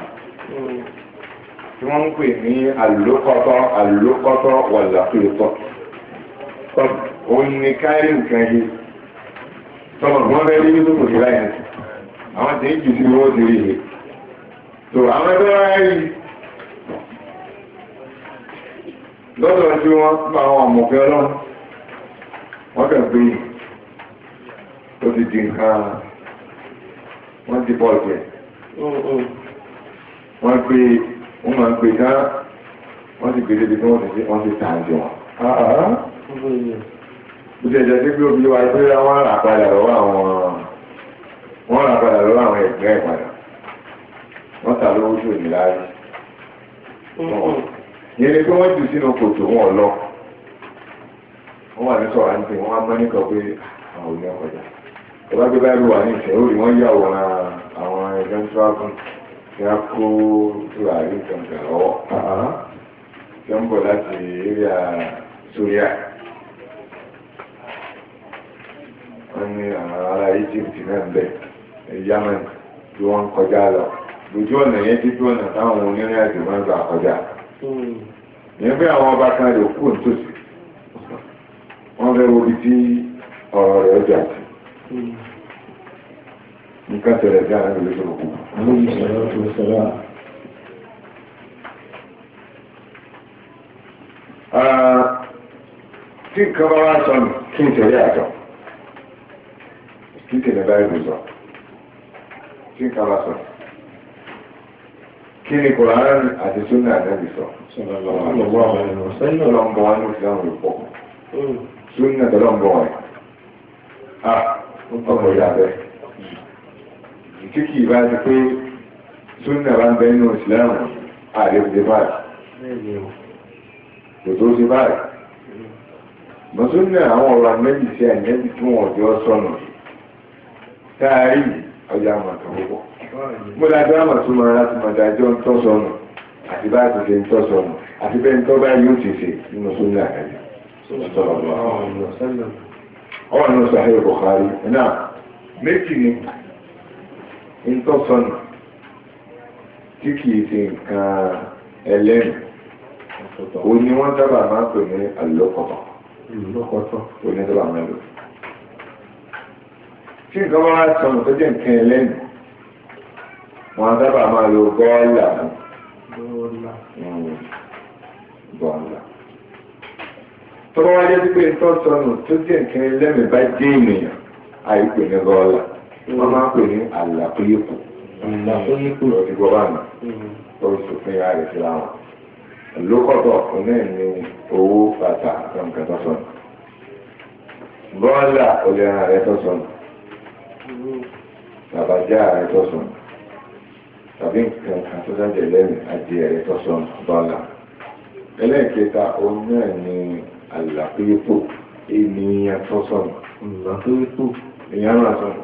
tí wọ́n ń pè ní àlùkọ́tọ́ àlùkọ́tọ́ wàlàkìlùkọ́ òun ni káyọ̀ nǹkan yìí tọ́lọ̀ wọ́n fẹ́ rí nínú kò ní láyé àti àwọn tí ń jù sí wọ́n ti rí yìí tó àwọn ẹgbẹ́ wá rí lọ́dọ̀ tí wọ́n pa àwọn ọmọkẹ́ ọlọ́run wọ́n kàn pé ó ti di nǹkan wọ́n ti bọ́ọ̀lù pẹ̀ wọ́n pé wọ́n máa ń pè ká wọ́n ti gbèdé bí wọ́n ti ṣe wọ́n ti tà jọ. Ó ti pé obìnrin wa pé wọ́n rà padà lọ́wọ́ àwọn wọ́n rà padà lọ́wọ́ àwọn ẹ̀gbẹ́ ìpadà. Wọ́n tà lówó tó ní láàyè. Yẹn ni pé wọ́n jù sínú kòtò wọn lọ. Wọ́n wà ní sọ̀rọ̀ àǹtí wọn á mọ́ níkan pé ah, àwọn ò ní ọkọjà. Ìbá báyìí wà ní ìṣẹ́ òrì wọ́n yà wọ́n àwọn ẹ̀gbẹ́ ń tó tí a kó tùràrí kàǹkà lọ́wọ́ tí ó ń bọ̀ láti eré Sóríà wọ́n ní àwọn ará Egypt náà bẹ̀ Yemen tí wọ́n ń kọjá lọ lójú ọ̀nà yẹn títí ọ̀nà táwọn onírìn àjò máa ń gbà kọjá hmm. yẹn pé àwọn ọba kan lè kú nítòsí wọ́n fẹ́ wo ibi tí ọ̀rọ̀ rẹ̀ ọjà sí. Hmm nǹkan tẹ̀lẹ̀ sí àwọn ìlú òkú. tí nǹkan bá wá sọ kí n tẹ̀lé àjọ kí n tẹ̀lé bá ìlú sọ tí nǹkan bá sọ kí ni Kùránì àti súnà àdábì sọ ọlọ́mbọ wa ní ìsìlámù ló pọ̀ súnà tọ́lọ́mbọ wa ọkọ̀ ìyá bẹ́ẹ̀ tí kì í bá ti pé súnà bá ń bẹ nínú ìsìláàmù ààrẹ òde báyìí kò tó ṣe báyìí mọ̀súnà àwọn ọ̀rọ̀ àmẹ́bí sí àìmẹ́bí tí wọ́n jọ sọnù táàrí ọjà àmọ̀tàn púpọ̀ mo dájọ́ àmọ̀túnmọ̀ láti mọ̀ dájọ́ ń tọ́ sọnù àti bá ti ṣe ń tọ́ sọnù àti bẹ́ẹ̀ ń tọ́ bá yóò ti ṣe nínú súnà àkàlẹ̀ ọ̀nà sàhẹ́ Bukhari náà méjì ni ntọ́sọ̀nà tí kìí ṣe nǹkan ẹlẹ́nu o ni wọ́n sábà máa pè ní àlọ́kọ̀tọ̀ lọ́kọ̀tọ̀ o ní sábà máa lò. tí nǹkan bá wá sọnù tó jẹ́ nǹkan ẹlẹ́nu wọ́n sábà máa lo gọ́ọ̀là gọ́ọ̀là. tọ́wọ́ hmm. wájú pé ntọ́sọ̀nà tó jẹ́ nǹkan ẹlẹ́nu bá jẹ́ ènìyàn àìpè ní gọ́ọ̀là wọ́n máa ń pè ní àlàkóyèkù àlàkóyèkù lọ́dí gbọ́ bàmà hmm. tó sòfin ara rẹ̀ síra wọn lókọ̀tọ̀ ọ̀nà ní owó bàtà nǹkan tó sọnù bọ́ọ̀là olè ara rẹ̀ tó sọnù hmm. bàbájá ara rẹ̀ tó sọnù tàbí nǹkan kan tó dájẹ́ lẹ́nu adìẹ rẹ̀ tó sọnù bọ́ọ̀là ẹlẹ́ẹ̀kẹta ọ̀nà ní àlàkóyèkù ènìyàn tó sọnù àlàkóyèkù náà sọnù.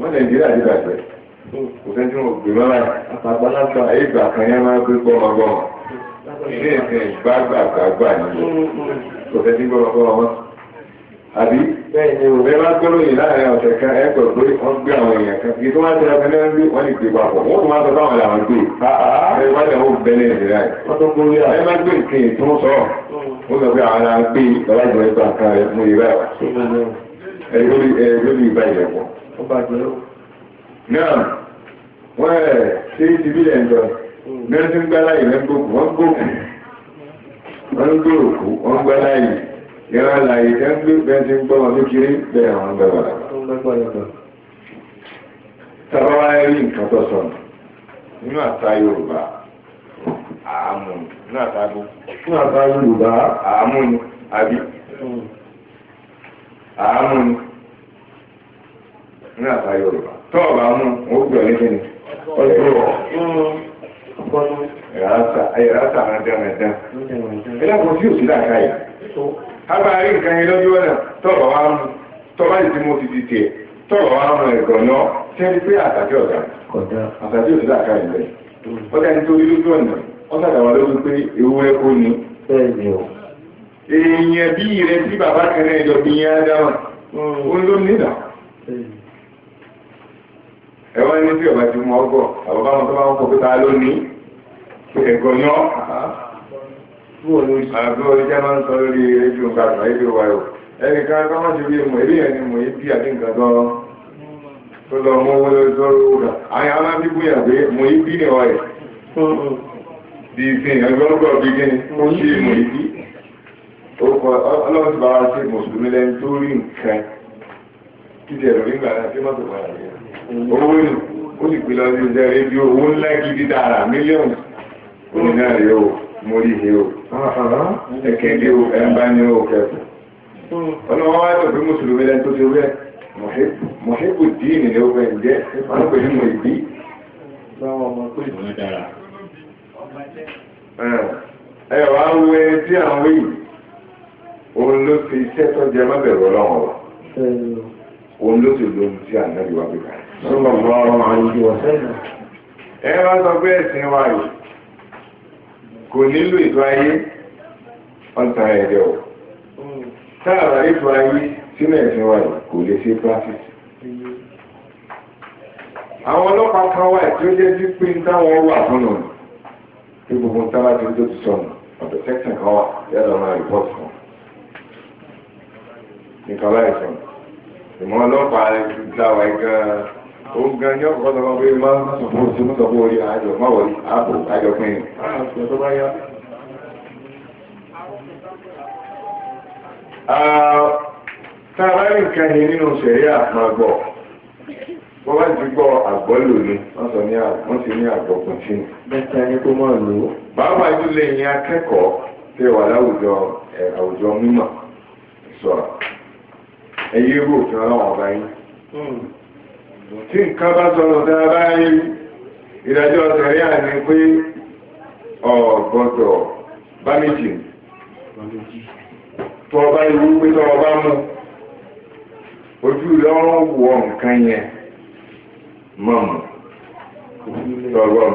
wọ́n nàìjíríà ti bàjẹ́ kò sẹ́ni tí wọ́n gbé wọn láì àtàgbàlagbà ìgbà kan yẹn máa gbé gbọ́mọgbọ́mọ ilé ìsìn gbàgbàgbà ni kò sẹ́ni tí gbọ́mọgbọ́mọ mọ́ àbí bẹ́ẹ̀ bá gbọ́rọ̀ yìí láàrin ọ̀sẹ̀ kan ẹgbẹ̀ pé wọ́n gbé àwọn èèyàn kan kí tó wá tẹ́lẹ̀ fẹ́ lẹ́nu bí wọ́n lè gbé papọ̀ wọ́n tún wá sọ fáwọn làwọn gbé ẹ wọ́n lè wọ́n bẹ́lẹ̀ ìdíra ẹ̀ ẹ má gbé nǹkan yìí tó ń sọ hmm. wọ́n sọ pé àwọn ará gbé bàbá ìjọba ìgbà kan rẹ̀ fún ìrẹ́ ẹ̀ lórí ìgbà ìyẹ̀wò ó bàjẹ́ ó. náà wọ́n ẹ̀ ṣe é ti bí ẹ̀ ń lọ mẹ́rin tí ń gbá láyé rẹ̀ ń gbòkù wọ́n gbòkù wọ́n ń gbòkù wọ́n gbá láyé ìran láyé tẹ́ ń gbé bẹ́ẹ̀ ti ń gbọ́ wọn kékeré bẹ́ẹ̀ wọ́n gbà wà. tàbá wá rí nǹkan tó sọnù nínú àṣà Yorùbá àámú nínú àṣà nínú àṣà Yorùbá àámú ni àbí hmm. àámú ni. ní àbá Yorùbá tó mú gbé òsì yìí a bá rí nǹkan yẹn lọ́jọ́ náà tọ́ọ̀bà wa mú tọ́ọ̀bà yìí tí mo ti di tiẹ̀ tọ́ọ̀bà wa mú ẹ̀gọ́ náà sẹ́ni pé àtàkì ọ̀gá àtàkì òsì làkà yìí bẹ́ẹ̀ ọjà nítorí lójú ọ̀nà lórí pé kó ni èèyàn bí ìrẹsì bàbá á dáhùn ó ń ẹ wá ní tí ọba ti mú ọgọ́ àbábá wọn tó bá wọn kọ pé ta ló ní ẹ̀gọ́ yán àbúrò ìjà máa ń sọ lórí rédíò kàtà rédíò wa o ẹnì kan ká má ṣe bí mọ̀ èyí yẹn ni mọ̀ yìí bí àti nǹkan tó tó lọ mọ owó lórí tó lówó rà àyà á máa ń bíbú yàn pé mọ̀ yìí bí ni wọ́n rẹ̀ di ìsìn ẹgbẹ́rúgbọ̀ bí kí ni mọ̀ yìí mọ̀ yìí bí ọlọ́run ti bá wa ṣe mùsùlùmí owó nù ó sì gbé owó ńlá gidi dára mílíọ̀nù o mo rí ihe o ẹ̀kẹ́ o ẹ̀ ń o kẹ́kọ̀ọ́. ọlọ́wọ́ wá sọ pé mùsùlùmí lẹ́nu tó ti ni ó fẹ́ ní mọ̀ ìbí. ẹ wá wo ẹni tí à ń òun ló fi iṣẹ́ tó jẹ mọ́bẹ̀rù ọlọ́run wa òun ló sì lóhun tí à sọ́lọ̀lọ́ àwọn ìwọ̀sẹ́lẹ̀ ẹ bá sọ pé ẹ̀sìn wa yìí kò nílò ètò ayé ọ̀tà ẹ̀dẹ̀ ọ̀ táàrà ètò ayé sínú ẹ̀sìn wa yìí kò lè ṣe practice àwọn ọlọ́pàá kan wà tí ó jẹ́ sí pé táwọn wà fún un tí gbogbo ń tábà tó tó ti sọnù ọ̀dọ̀ section kan wà yálà òun gan yọ ọ̀pọ̀ lọ́wọ́ pé máa ń sọ fún sínú sọ fún orí àjọ nǹkan yẹn nínú ṣẹ̀rí wọ́n bá ti gbọ́ àgbọ̀ wọ́n sọ ní wọ́n ti ní àgbọ̀ lè akẹ́kọ̀ọ́ tẹ wà láwùjọ àwùjọ mímọ̀ ọlọ́wọ́n tí nǹkan bá sọ̀rọ̀ dáadáa rí ìdájọ́ ọ̀sẹ̀rí àní pé ọ̀gbọ́dọ̀ bá méjì tó ọba ìwú pé tó ọba mú ojú lọ́rùn wọ nǹkan yẹn mọ̀mù lọ́rọ̀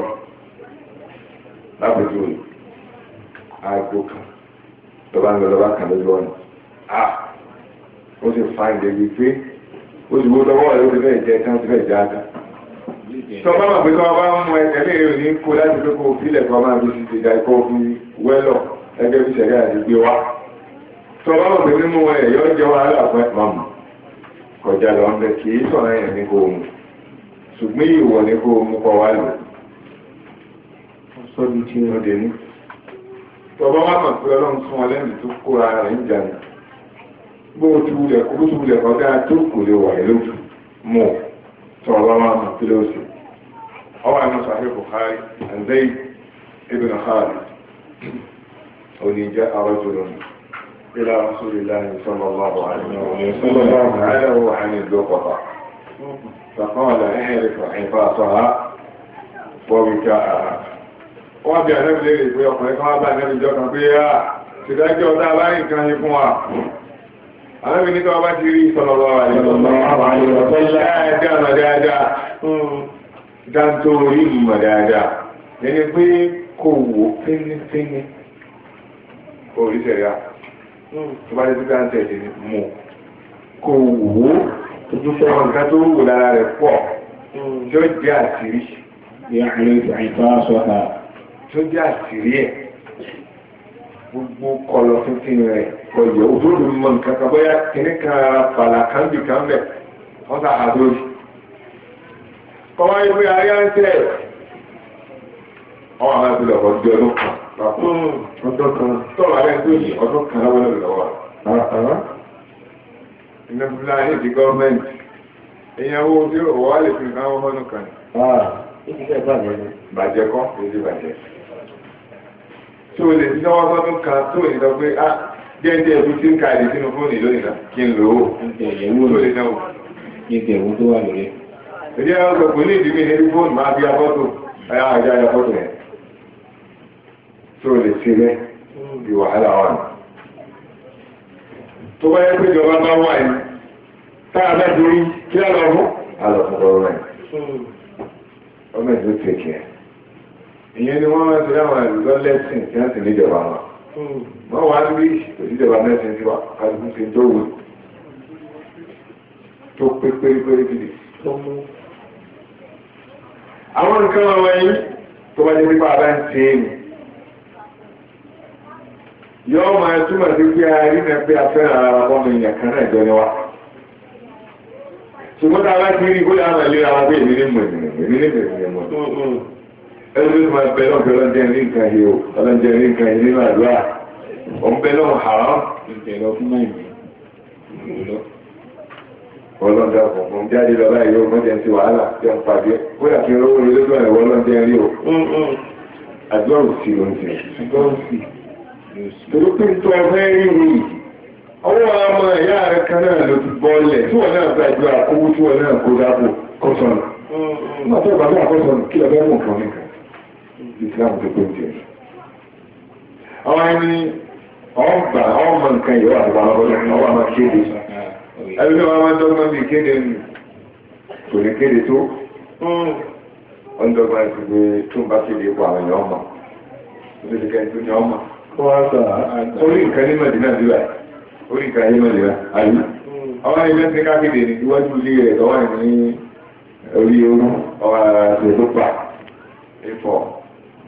lápẹ̀tù àgbo kan lọ́ba ń lọ lọ́ba kan lójú ọ̀nà ah! ó sì fa ìdẹ́gbẹ́ pé olùwò lọ́wọ́ rẹ̀ olùfẹ́ ìjẹ́ tán ti fẹ́ jẹ́ àtà tọ́ bá máa pé kọ́ bá mú ẹ̀mí rẹ̀ ní kó láti pé kó fílẹ̀ kọ́ máa fi ti ga ikọ́ fún wẹ́lọ̀ ẹgbẹ́ fi ṣẹ̀dá àti gbé wá tọ́ bá máa pé mímú ẹ̀ yọ jẹ́ wa aláàfẹ́ màmá kọjá lọ bẹ kì í sọ̀rọ̀ yẹn ní kó mu ṣùgbọ́n ìwọ̀ ní kó mu kọ́ wá lò sọ́dún tí wọ́n dé ní tọ́ bá wá mọ̀ bó ti wulẹ̀ kó ti wulẹ̀ kọ́ dáa tó kò lè wà lójú mọ̀ tó ọba máa mọ̀ kí ló ọwọ́ àná sàfẹ́ Bukhari àǹdẹ́ ibn Khalid oníjẹ́ arọ́jọ́lọ́ إلى رسول الله صلى الله عليه وسلم عن اللقطة فقال اعرف حفاظها ووكاءها wọ́n bí ọkùnrin kan kan pé ah, àwọn ibi nítorí ọba ti rí sọlọ́lọ́ àlejò dáadáa mọ̀ dáadáa hmm. dáńtó orí mọ̀ dáadáa ẹni pé kò wò fínífíní orí sẹ̀ríà hmm. tó bá ti fi dáńtẹ̀ sí ni mọ̀ kò wò nǹkan tó wò lára rẹ̀ pọ̀ hmm. tí ó jẹ́ àṣírí. tó jẹ́ àṣírí ẹ̀ gbogbo kọlọ fífín rẹ̀ ọyẹ òbúrò mọ nǹkan kan bóyá kìnnì kan fàlà kan bì kan bẹ̀ wọ́n sà àdó yìí. kọ́wá yìí bóyá ayé ń tẹ̀ ọ̀hún àwọn àti lọ́kọ̀ di ọdún kan papọ̀ ọdún kan tọ́lọ̀ alẹ́ tó yìí ọdún kan láwọn ẹ̀rọ lọ́wọ́. iná fúnra ní ti gọ́ọ̀mẹ̀ntì èèyàn owó tí ó wà lè fi nǹkan ọmọ ọdún kan ni. bàjẹ́ kọ́ èdè bàjẹ́. tó o lè fi náwó kan tó o lè jẹ́jẹ́ ìlú tí ń ka èdè sínú fóònù lónìí náà kí n lò ó tó lè náà. ìdè ìwú tó wà lórí. ìdí ẹ̀rọ sọ pé ní ìdí mi ní fóònù máa fi afọ́tò ẹ̀yà àjọ ayọ̀ fọ́tò yẹn. tó lè ṣe rẹ bí wàhálà wà ní. tó bá yẹ pé ìjọba bá wà ní táà bá dorí kí á lọ fún. a lọ fún gọ́ọ̀mẹ̀. gọ́ọ̀mẹ̀ tó tẹ̀kẹ̀. ìyẹn ni wọ́n máa ń ṣe láwọn àlùdọ́ tí wọ́n sì níjọba wọn wọ́n wá lórí ìṣèjọba mẹ́sìn tiwa kálukú ṣe ń dọ́wọ́ tó pé pérépéré gidi tó mú. àwọn nǹkan ọ̀rọ̀ yìí tó bá jẹ́ pípa àbá ń ṣe é nù. yọ́ọ́ máa túmọ̀ sí pé a rí náà pé a fẹ́ràn ara wọn mi ìyàn kan náà jọ ẹgbẹ́ tó máa bẹ náà fi ọlọ́njẹ́ ní nǹkan yìí o ọlọ́njẹ́ ní nǹkan yìí nínú àdúrà òun bẹ náà haram ìjẹ̀lọ fún náà ìlú ọlọ́njẹ́ ọ̀pọ̀ jáde lọ láì yóò mọ́jẹ́ sí wàhálà jẹ́ ń pàdé ó yà kí owó orí lójú ẹ̀wọ̀ ọlọ́njẹ́ rí o àdúrà ò sí ló ń sè torí pé tó ẹgbẹ́ rí mi ọwọ́ ọmọ ẹ̀yà rẹ̀ kan náà ló ti bọ́ ilẹ̀ tí wọ́n náà gbàdúrà kówó tí wọ́n náà kó dáàbò kọ́sọ̀nù. nígbà tó ìgbàgbọ́ àkọ́sọ̀nù kí ọgbẹ́ mọ̀ kan islam tó pé tiẹ̀. àwọn ẹni ọgbà ọmọ nǹkan yìí wà lọ́wọ́ lọ́wọ́ ọwọ́ àmà kéde ẹbí tí wọ́n máa dọ́gbọ́n kéde nù kò ní kéde tó hmm. wọ́n ti gbé tó kéde ipò àwọn ọmọ ti kẹ́ tó ní ọmọ. orí nǹkan ní orí nǹkan ní ti hmm. ká kéde ní iwájú ilé rẹ̀ lọ́wọ́ orí tó pa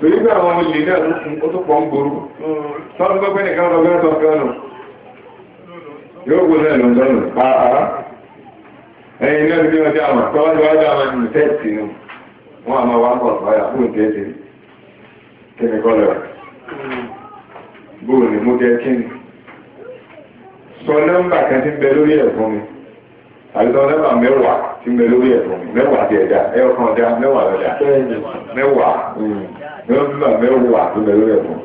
torí pé àwọn olè náà ó tó pọ̀ ń nìkan lọ pàápàá ẹ̀yìn náà wọ́n ti àmà tọ́wọ́ ti àmà tẹ́ẹ̀tì nù wọ́n àmà ń bọ̀ fún ìtẹ́ẹ̀tì kíni bóòlù mú sọ nọ́mbà kan ti bẹ lórí mi nọ́mbà mẹ́wàá ti bẹ lórí mi mẹ́wàá ti ẹ̀dá ní wọ́n fífà mẹ́wọ́ àtúnbẹ̀ lórí ẹ̀fọ́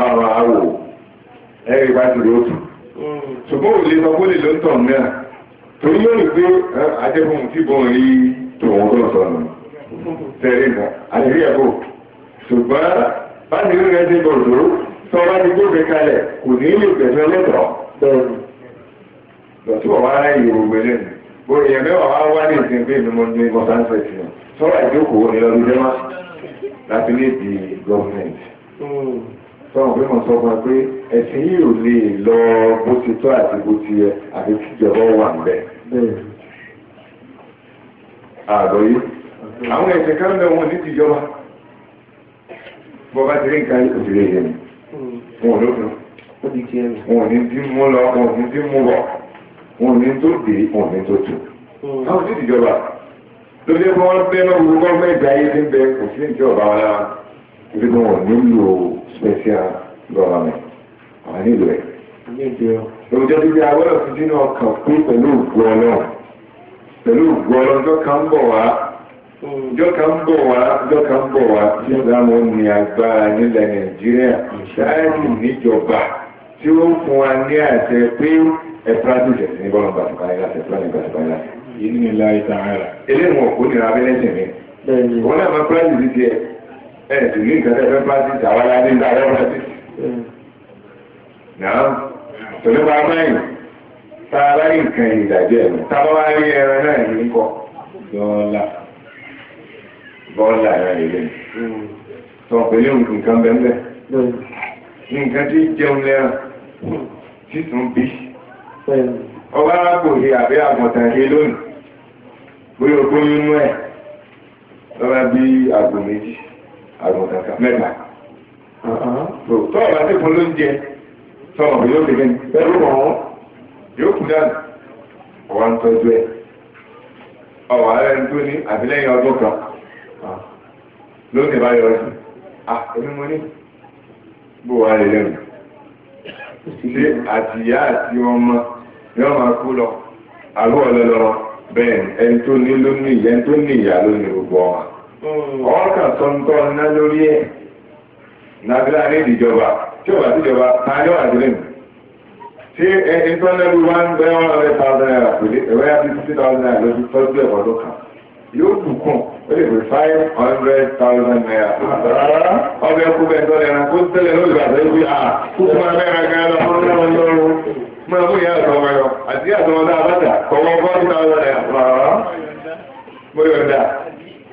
àwọn àwò ẹ̀rí bá ti rí òtù ṣùgbọ́n lè ló ń náà torí yóò rí pé ajẹ́fóhùn tí bọ́n rí tòun tó sọ nù tẹ̀lé nà àṣírí ṣùgbọ́n bá ti rí rẹ̀ ti bọ̀ tó bá ti kalẹ̀ kò ní lè gbẹ̀fẹ́ lẹ́tọ̀ọ́ lọ́tí wọ́n láti lè di government. Hmm. sọ́wọ́n pé mo sọ fún ẹ pé ẹ̀sìn yìí ò lè lọ bó ti tọ́ àti bó ti yẹ àti tíjọba wà níbẹ̀. àgbọ̀yé àwọn ẹ̀sìn kan lọ wọn ní tìjọba bọ́ bá ti rí nǹkan yìí kò sí lè yẹ mi hmm. wọn ò lókun wọn ò ní tí mú lọ wọn ò ní tí mú bọ wọn ò ní tó dé wọn ò ní tó tù. Hmm. àwọn ti tìjọba lórí ẹgbẹ́ wọn bẹ́ẹ̀ náà wọ́n gbọ́n mẹ́ta ayé ti ń bẹ kò sí ìjọ ọba wọn lára ibi tí wọn ò nílò special government àwọn nílò ẹ̀. lóòjọ́ bíbí agbọ́dọ̀ ti dín náà kàn pé pẹ̀lú òkú ọlọ́run pẹ̀lú òkú ọlọ́run tó kàn ń bọ̀ wá ìjọ kan ń bọ̀ wá ìjọ hmm. kan ń bọ̀ wá tí hmm. ìsìlámù ní agbára nílẹ̀ nàìjíríà ṣáàtì níjọba tí ó fún wa ní àṣẹ pé ẹ̀ practice ẹ̀ ní bọ́lá yìí ní ilá ìta ara ilé ìwọ̀n kò nira abẹ́rẹ́ sì mi wọn náà máa pílásì ti tiẹ̀ ẹ̀ sì ní nǹkan tẹ́ fẹ́ pílásì tà wá láti nígbà rẹ̀ pílásì. náà tòlẹ́ bá báyìí tá a bá rí nǹkan ìdàjẹ́ mi tá a bá wá rí ẹran náà ní kọ́ yọ̀ọ́lá bọ́ọ̀lá ẹran ìlé mi tọ́ pẹ̀lú nǹkan bẹ́ẹ̀ nǹkan tí jẹun lẹ́ran títún bí ọba kò ṣe àbí àgùntàn ṣe lónìí bóyá o gbóyún inú ẹ̀ lọ́ba bí àgbò méjì àgùntàn kan mẹ́ta tó tọ́ọ̀bá ti fún lóúnjẹ sọ̀rọ̀ bí yóò tẹ̀lé pẹ̀lú ọ̀hún yóò kú dànù ọ̀wá ń tọ́jú ẹ̀ ọ̀wá rẹ̀ ń tó ní àtìlẹ́yìn ọdún kan lónìí bá yọ ọdún ah èmi mo ní bó wà lè lẹ́nu ṣe àtìyá àti ọmọ yóò máa kú lọ àlọ́ ọ̀lẹ́ lọ bẹ́ẹ̀ ẹni tó ní ló ní ìyẹn tó ní ìyá ló ní gbogbo ọmọ ọkàn tó ń tọ́ ná lórí ẹ̀ nàbílà ní ìdìjọba tí ò bá síjọba ta ni ó wà sílẹ̀ tí ẹni tó ń lẹ́rú wá ń bẹ́ wọn lọ́wọ́ thousand naira pèlè ẹ̀rọ yá fifty thousand naira lójú tọ́jú ẹ̀kọ́ tó kàn yóò dùn kàn ó lè pè five hundred thousand naira ọbẹ̀ kú bẹ́ẹ̀ tọ́lẹ̀ ẹran kó tẹ́lẹ̀ lórí bàtà ìwé à kúkú máa bẹ́ẹ̀ ra gan-an lọ́wọ́ máa mú ìyá àtọmọ yọ àti ìyá àtọmọ náà bàtà kọ̀wọ́ bọ́ọ̀lù náà wọlé àtọmọ mo yọ̀ dà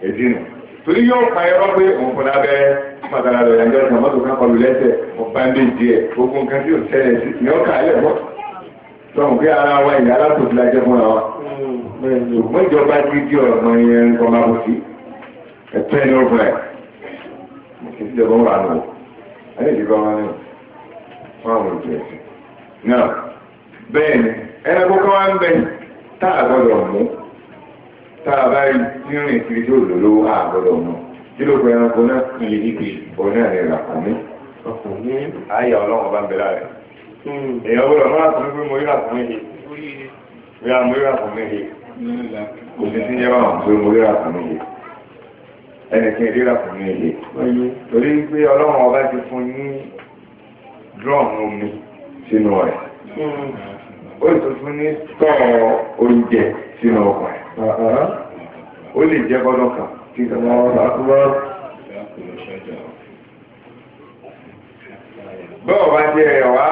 èdè nù torí yóò pa ẹ̀rọ pé òun fún abẹ́rẹ́ pàtàkì lọ ìyànjọ́ ìgbà mọ́tò kan kọlu lẹ́sẹ̀ mo bá ń déjì ẹ̀ gbogbo nǹkan tí ò ṣẹlẹ̀ sí ni ó kà á lẹ̀ mọ́ sọ̀rọ̀ pé ara wa ìyá alákòóso la jẹ́ fúnra wa ṣùgbọ́n ìjọba ti di ọ̀rọ̀ mọ́ ìyẹn ń kọ́ máa bọ̀ sí ẹ̀tọ́ ẹ̀ bẹ́ẹ̀ni ẹranko kan wá ń bẹ tá a gbọ́dọ̀ mú tá a bá rí rìn kiri tó lòlò a gbọ́dọ̀ mú kí ló pe ẹranko náà iye ibi òun náà lè rà fún mi. ayé ọlọ́run bá ń bẹ láàrẹ̀. Hmm. èèyàn gbọ́dọ̀ máa fún mi pé mo rí fún mi yìí bí a mo rí rà fún mi yìí kò sí sí yẹ́wà hàn pé mo rí rà fún mi yìí ẹnìkan rí rà fún mi yìí torí pé ọlọ́run ọba ti fún ní drọ́ọ̀mù omi sínú rẹ̀. Hmm ó tó tún ní tọ́ oúnjẹ sínú ọkọ̀ ẹ̀. Uh-huh. ó lè jẹ́ bọ́dọ̀ kan kí ọmọ ọlọ́wọ́. bọ́ọ̀ bá jẹ ẹ̀wá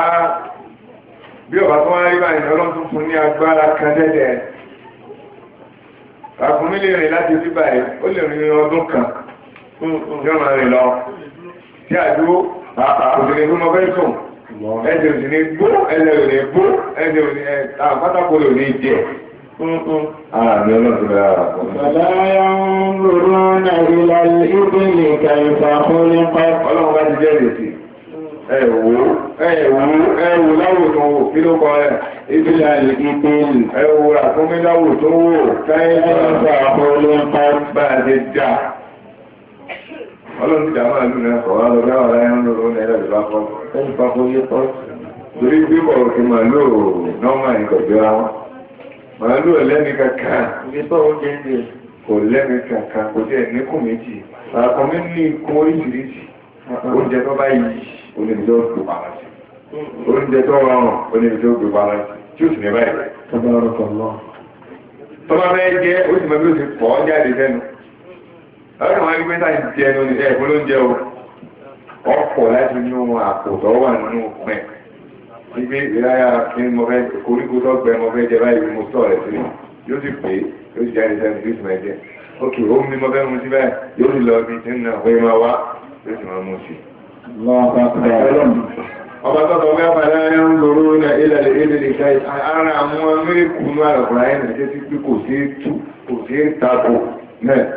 bí ọba tó wá rí báyìí ọlọ́run tó fún ní agbára kan dẹ́dẹ́ àkùnrin lè rìn láti bí báyìí ó lè rìn ọdún kan mm-hmm. yọ̀ọ̀mọ̀ rìn lọ tí àdúró uh-huh. kò sì lè fún sùn. ẹsẹ̀ òsì ní gbó ẹsẹ̀ òsì ní gbó ẹsẹ̀ òsì ní àpátákó lò ní jẹ. Àmì ọlọ́dúnrà. Bàláyà ń lòrò náà ìlà ìbílẹ̀ kàìfà kọ́lé pa. Ọlọ́run bá ti jẹ́ ìrètí. Ẹ wò ó, ẹ wò ó, ẹ wò wò kí ló kọ ẹ. Ìbílẹ̀ Ẹ wò fún mi wò. a ọlọ́run ti dàmú àlù náà kọ̀ wá lọ bá wà láyé ń lò ó náírà lè bá kọ́ ẹni bá kó yé kọ́ torí bí wọ́n ti máa lò ó nọ́ọ̀mà nǹkan jọ àwọn máa lò lẹ́ni kàkà kò lẹ́ni kàkà kò jẹ́ ẹ̀níkù méjì àkọ́ mi ní ikú oríṣiríṣi oúnjẹ tó bá yìí onídìjọ́ gbé pamọ́ sí oúnjẹ tó rọrùn onídìjọ́ gbé pamọ́ sí tí ó sì ní báyìí. tọ́ba bẹ́ẹ̀ jẹ́ ó sì máa bí ó ti pọ̀ jáde sẹ́nu ọ̀rẹ́ wọn gbé sáyẹn ti ẹnu ní ẹ̀ bólóúnjẹ o ọkọ̀ láti inú àpò tó wà nínú pẹ̀ gbígbé ìráyà ní mo fẹ́ koríko tó gbẹ mo fẹ́ jẹ báyìí mo sọ̀ rẹ̀ sílẹ̀ yóò sì pé yóò sì jáde sẹ́yìn yóò sì máa jẹ ok ó mi mo fẹ́ mu sí báyìí yóò sì lọ bí tí ń nà pé máa wá yóò sì máa mu sí. ọba tó sọ pé àpàdé ẹni ń lòrò ní ilẹ̀ ilẹ̀ ìka ara àwọn mẹ́rẹ̀kùnú àlọ́kùnrin àti títí kò sí tú kò sí tako náà.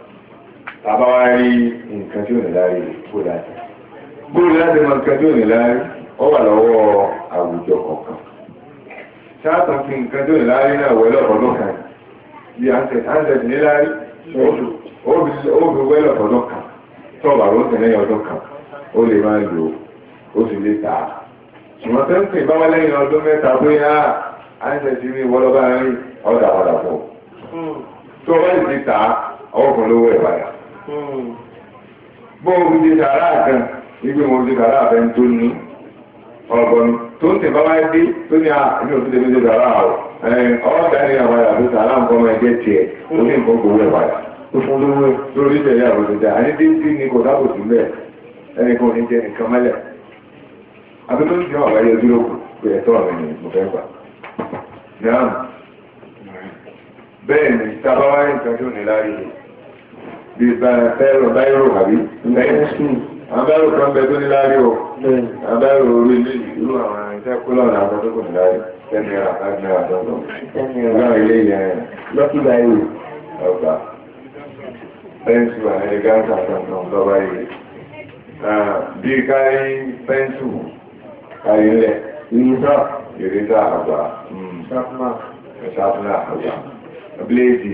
tàbá wá tí ò ní láàrí kó láti láti mọ nǹkan tí ò ní láàrí wà lọ́wọ́ àwùjọ kọ̀ọ̀kan ṣáàtàn fi nǹkan tí ò ní náà wẹ́lẹ̀ ọ̀dọ́ bí ansẹ̀tì ní ó fi ló ọdún kan ó lè máa lò ó sì lè tà á ṣùgbọ́n tó ń pè bá ọwọ́ kan lówó ẹ̀ padà. Hmm. bó o ti sàrà kan ibi ti sàrà fẹ́ tó ní tó ń tẹ̀ bá dé tó ní àmì òtún o ọwọ́ dání àwọn tó nǹkan ọmọ tiẹ̀ ní nǹkan tó fún lówó lórí àbòsí àní dé sí sí bẹ́ẹ̀ ní jẹ nǹkan mẹ́lẹ̀ àbí tó ń bí bẹ́ẹ̀rọ báyìrò àbí abẹ́rò kan bẹ tó níláàrí o abẹ́rò orí ilé ìlú àwọn iṣẹ́ kúlọ̀ ní àwọn tó kò níláàrí tẹ́mi ra láti náírà tọ́tọ́ láwọn ilé yẹn lọ́kìlá ìwé ọgbà pẹ́ńsù àti gáàsà tọ́tọ́ lọ́wọ́ ìwé bí káyí pẹ́ńsù káyí lẹ̀ ìrìnsà ìrìnsà àgbà ṣáfúnà àgbà bíléèdì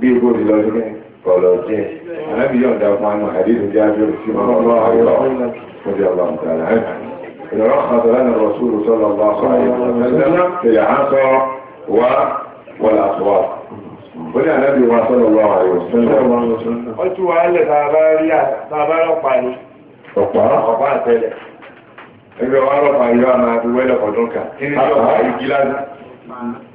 bí egbò rí lọ nílẹ̀ ọ̀lọ̀ jẹ́ alábi yóò dá fún àánú àdéhùn bí ábẹ́rẹ́ sí wọn lọ́wọ́ àwòrán ọjọ́ ọba ọ̀tàlá ìrọ̀rọ̀ àtàlá ní rọ̀ṣúlù sọ́lọ̀ ọba ọ̀sán ìyá sọ wá wọlá sọ wá ó ní alábi wa sọ́lọ̀ ọba ọ̀sán ó tú wa lẹ̀ tàbá rọ̀pá ni ọ̀pá àtẹlẹ̀ ẹgbẹ́ wa rọ̀pá yóò máa fi wẹ́lẹ̀ ọdún kan kí ni yóò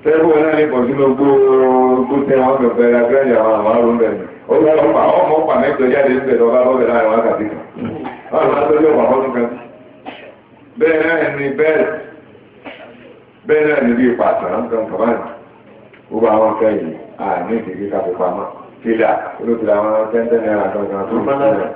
tẹ́gbọ́n náà ní bọ̀ sínú gbogbo tẹ́ àwọn ọ̀gbẹ̀ bẹ̀rẹ̀ agbẹ́rẹ́ àwọn àwọn arún bẹ̀rẹ̀ ó bá ọmọ ọmọ ọpà mẹ́jọ jáde ń bẹ̀rẹ̀ ọba lọ́bẹ̀ láàrin wákàtí kan ọ̀rọ̀ láti ọjọ́ wà fọ́dún kan bẹ́ẹ̀ náà ní bẹ́ẹ̀ bẹ́ẹ̀ náà ní bí ipa àtàrán kan kàmáàlì gbogbo àwọn ọ̀kẹ́ yìí àní ìdíkí káfí pamọ́ fílà olóòtú àwọn tẹ́ńtẹ́ náírà kan kan tó ń bá náírà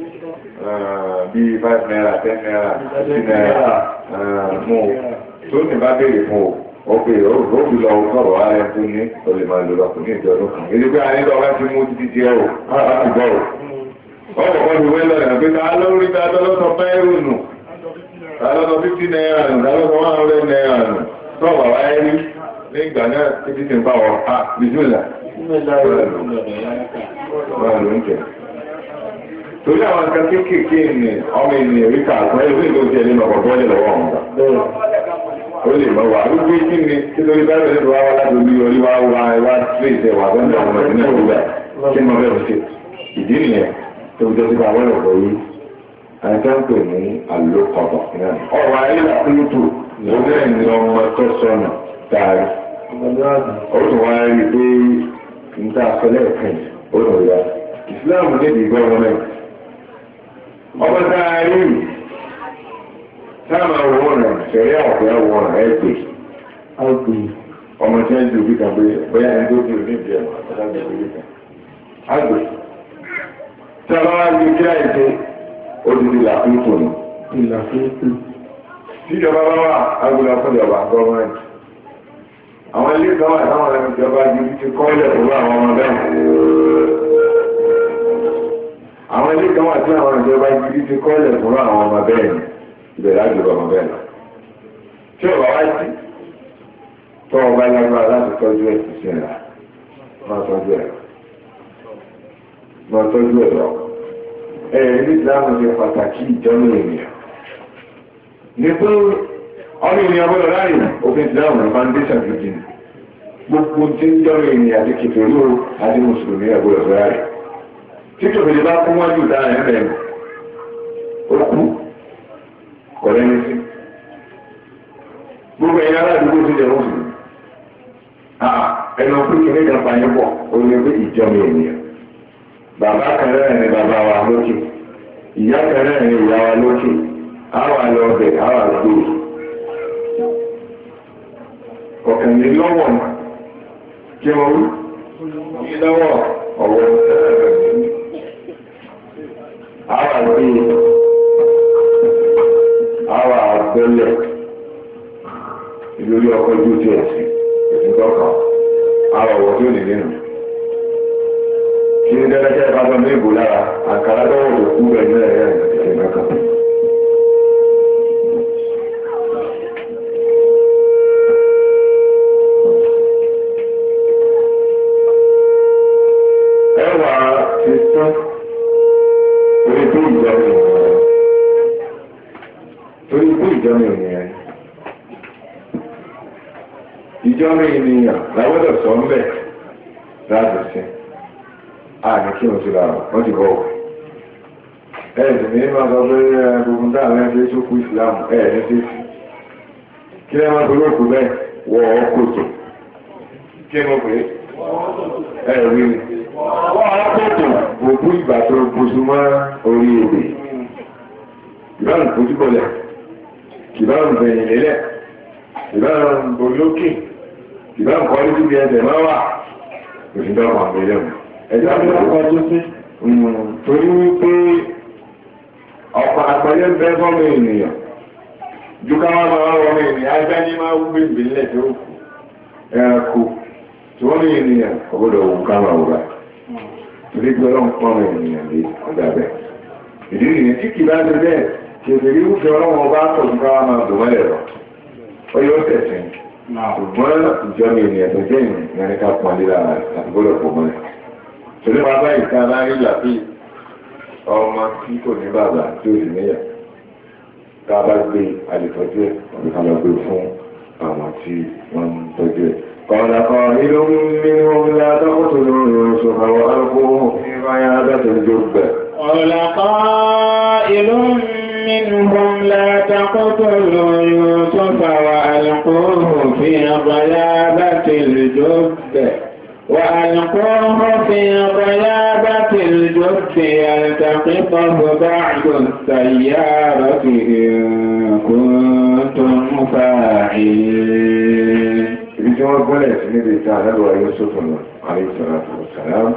Eh, bíi five naira ten naira fifteen naira eh, mú o tó ní bá béèrè fún o ọgbẹ òbí lọ sọ̀rọ̀ ààrẹ tó ní olè máa lò lọkùn ní ìjọ lọkùn èdè pé àní lọ bá ti mú títí jẹ o láti gbọ́ o ọkọ̀ kan ìwé lọ ìrìn pé ta lórí ta lọ́sọ̀ bẹ́ẹ̀rù nù ta lọ́sọ̀ fifty naira nù ta lọ́sọ̀ one hundred naira nù sọ̀rọ̀ wá ẹ rí ní ìgbà náà títí ti ń bá wọ a bìsúlà. báwo torí àwọn nǹkan kéékèèké ni ọmọ ènìyàn rí kàkọ́ ẹ̀ lórí ìlú ìjẹ́ nínú ọ̀pọ̀ bọ́ọ̀lì lọ́wọ́ ọ̀hún. ó lè mọ̀ wá arúgbó kí ni nítorí báyìí lórí ìlú wa láti orí orí wa wá wá sí ìṣe wà lọ́dọ̀ àwọn ọmọ ìpínlẹ̀ òwúrọ̀ kí mo bẹ̀rù sí ìdí nìyẹn tó fi jọ́sí àwọn ọ̀pọ̀ yìí. àìsàn pè ní àlòkọ̀bọ̀ ọ̀rọ̀ ayélujáfúlùtù ó bẹ́ẹ̀ ni ọmọ tó sọnù tààrí ó tún wá rí i pé nta sọlẹ̀ kan ó lọ ya ìsìláàmù níbi gọ́ọ̀mẹ̀ntì ọba tá a rí mi táàmù àwòrán rẹ̀ ṣẹ̀rí na ọ rẹ̀ gbé ọmọ tí wọ́n ń dùn kan pé bóyá ẹni tó dùn ní ìdí ẹ̀wọ̀n àtàlà ń dùn bí kan àgbè tí a bá wá gbé kí bá wà agbóná fún ìjọba gọ́ọ̀mẹ́ntì àwọn ilé kan wà táwọn ìjọba ti kọ́ ilẹ̀ àwọn àwọn ilé kan wà tí àwọn ìjọba ìdílé ti kọ́lẹ̀ fún àwọn ọmọ bẹ́ẹ̀ ni ìbẹ̀rẹ̀ àjọba ọmọ bẹ́ẹ̀ lọ. tí ọba wá sí tọ́ ọba lágbára láti tọ́jú ẹ̀ sí ṣẹlá máa tọ́jú ẹ̀ máa tọ́jú ẹ̀ lọ. ẹ ẹ ní ìsìlámù ṣe pàtàkì ìjọba ènìyàn. ní pé ọmọ ènìyàn gbọ́dọ̀ láàyè òfin ìsìlámù ní foundation gbogbo tí ń jọba ènìyàn àti kìtìrú àti mùsùlùmí ẹ̀gbọ́dọ̀ láàyè. títòkè lè bá kú wọn jù dára ẹ̀ bẹ̀rù ó kú kọ̀rẹ́ ní sí gbogbo ẹ̀yin aládùúgbò ti dẹ̀rù sí ẹnu pé kìnìún kan pa yín pọ̀ ó ní pé ìjọba ènìyàn bàbá bàbá wa lókè ìyá ìyá wa lókè àwa lọ àwa gbé àwa gbé àwa àgbẹ̀lẹ̀ lórí ọkọ̀ ojú tí ẹ̀ sí ètò kọ̀ọ̀kan àwa ọ̀wọ́ tí ó lè nínú. kí ni dẹ́lẹ́kẹ́ bá tọ́ ní ìbò lára àkàrà tó wọ̀ tó kú ní ẹ̀yà ìgbàkẹ́kẹ́ kankan. Thank you torí pé ìjọ mi yẹn torí pé ìjọ mi yẹn ìjọ mi ènìyàn làwọ́dọ̀ sọ ń bẹ̀ láti sìn àní kí wọ́n ti ra wọ́n ti bọ̀ wọ̀ ẹ̀ẹ́dì ní máa sọ pé gbogbo dáàmú ẹgbẹ́ tó kú Islam ẹ̀ẹ́dì sí kí ẹ máa torí òkú bẹ́ẹ̀ wọ ọkọ̀tò kí ẹ mọ̀ pé ẹ̀ẹ́dì wọ́n ọkọ̀tò mo bú ìgbà tó bóṣù mọ́ orí èdè ìbáàrùn fojúbọ̀lẹ̀ ìbáàrùn bẹ̀yìn lélẹ̀ ìbáàrùn bolókè ìbáàrùn kọ́lé síbi ẹsẹ̀ máa wà òṣì dáhùn àmì ẹlẹ́wọ̀n. ẹ̀jẹ̀ àti ọkọ̀ tó sí. torí wípé ọ̀pọ̀ àpẹẹrẹ ń bẹ fọ́mọ ènìyàn ju káwọn máa wọ ọmọ ènìyàn ajá ní máa wú bèbè ńlẹ̀ tó kù ẹranko tí wọ́n ní ènìyàn ọgbọ́dọ̀ wù káwọn àwòrán torí pé ọlọ́run pọ́n ọmọ ènìyàn lé ọ̀dà bẹ́ẹ̀. ìdí nìyẹn tí kì bá ti bẹ́ẹ̀ kèfèrè irúfẹ́ ọlọ́run ọba pọ̀ ju káwá máa dùn mọ́lẹ̀ lọ. ó yọ tẹ̀sìn ṣùgbọ́n ìjọba ènìyàn tó jẹ́ ìrìn ní ká pọ́n lé lára àti gbọ́dọ̀ pọ̀ mọ́lẹ̀. torí bàbá ìta láyé làbí ọmọ tí kò ní bàbá tí ó sì níyà tá bá gbé àlètọ́jú ọ̀dọ̀ ká lọ gbé fún àwọn tí wọ́n ń tọ́jú ẹ̀. قال قائل منهم لا تقتلوا يوسف وألقوه في غيابة الجب قال قائل منهم لا تقتلوا يوسف وألقوه في غيابة الجب وألقوه في غيابة الجب يلتقطه بعد السيارة إن كنتم فاعلين ibi tí wọ́n gbọ́lẹ̀ sí níbi ìta àdábọ̀wá yóò sófin lọ àrí ìtura tó sàlám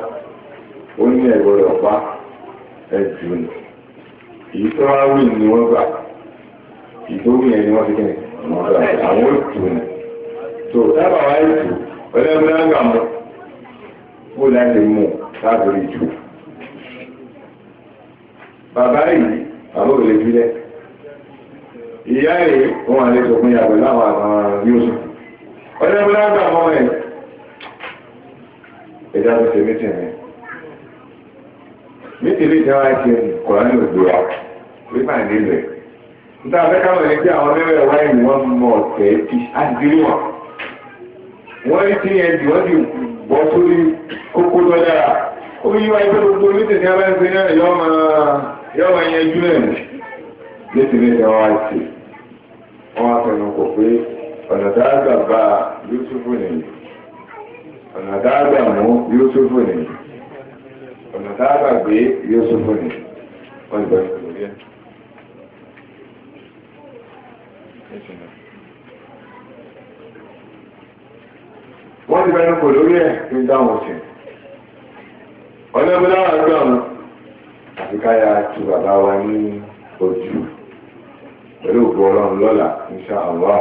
ó ní ẹ̀gbọ́dọ̀ pa ẹ̀jù ni èyí tó wá wí ni wọ́n gbà èyí tó wí yẹn ni wọ́n fi kí ni wọ́n gbà àwọn ètò ni tó dábàá wá ètò ọlẹ́gbẹ́ náà gbà mọ́ kó láti mú lábẹ́rẹ́ ìjù bàbá yìí bàbá ò lè fi lẹ ìyá yìí wọn àlejò fún yàgbẹ́ láwọn àwọn yóò sùn. ọjọ́ bí wọ́n gbà mọ́ ẹ̀ ẹ̀dá tó ṣe mítì mi mítì lè jẹ́ wáyé kí n kọ̀ ní ògbó wa rí màá nílẹ̀ níta abẹ́káwọ̀ ní pé mọ ọ̀tẹ̀ ẹbí láti dirí wọn wọ́n rí tí yẹn jù wọ́n ti gbogbo mítì ọ̀nà tá a gbà bá Yúsúfù nìyí ọ̀nà tá a gbà mú Yúsúfù nìyí ọ̀nà tá a gbà gbé Yúsúfù nìyí wọ́n ti bẹ̀rẹ̀ lórí ẹ̀. wọ́n ti bẹ̀rẹ̀ kò lórí ẹ̀ ní dáhùn sí ọ̀nà ìbúdáwà gbọ̀n àti káyà tu bàbá wa ní ojú pẹ̀lú òkú ọlọ́run lọ́la ní sáà wà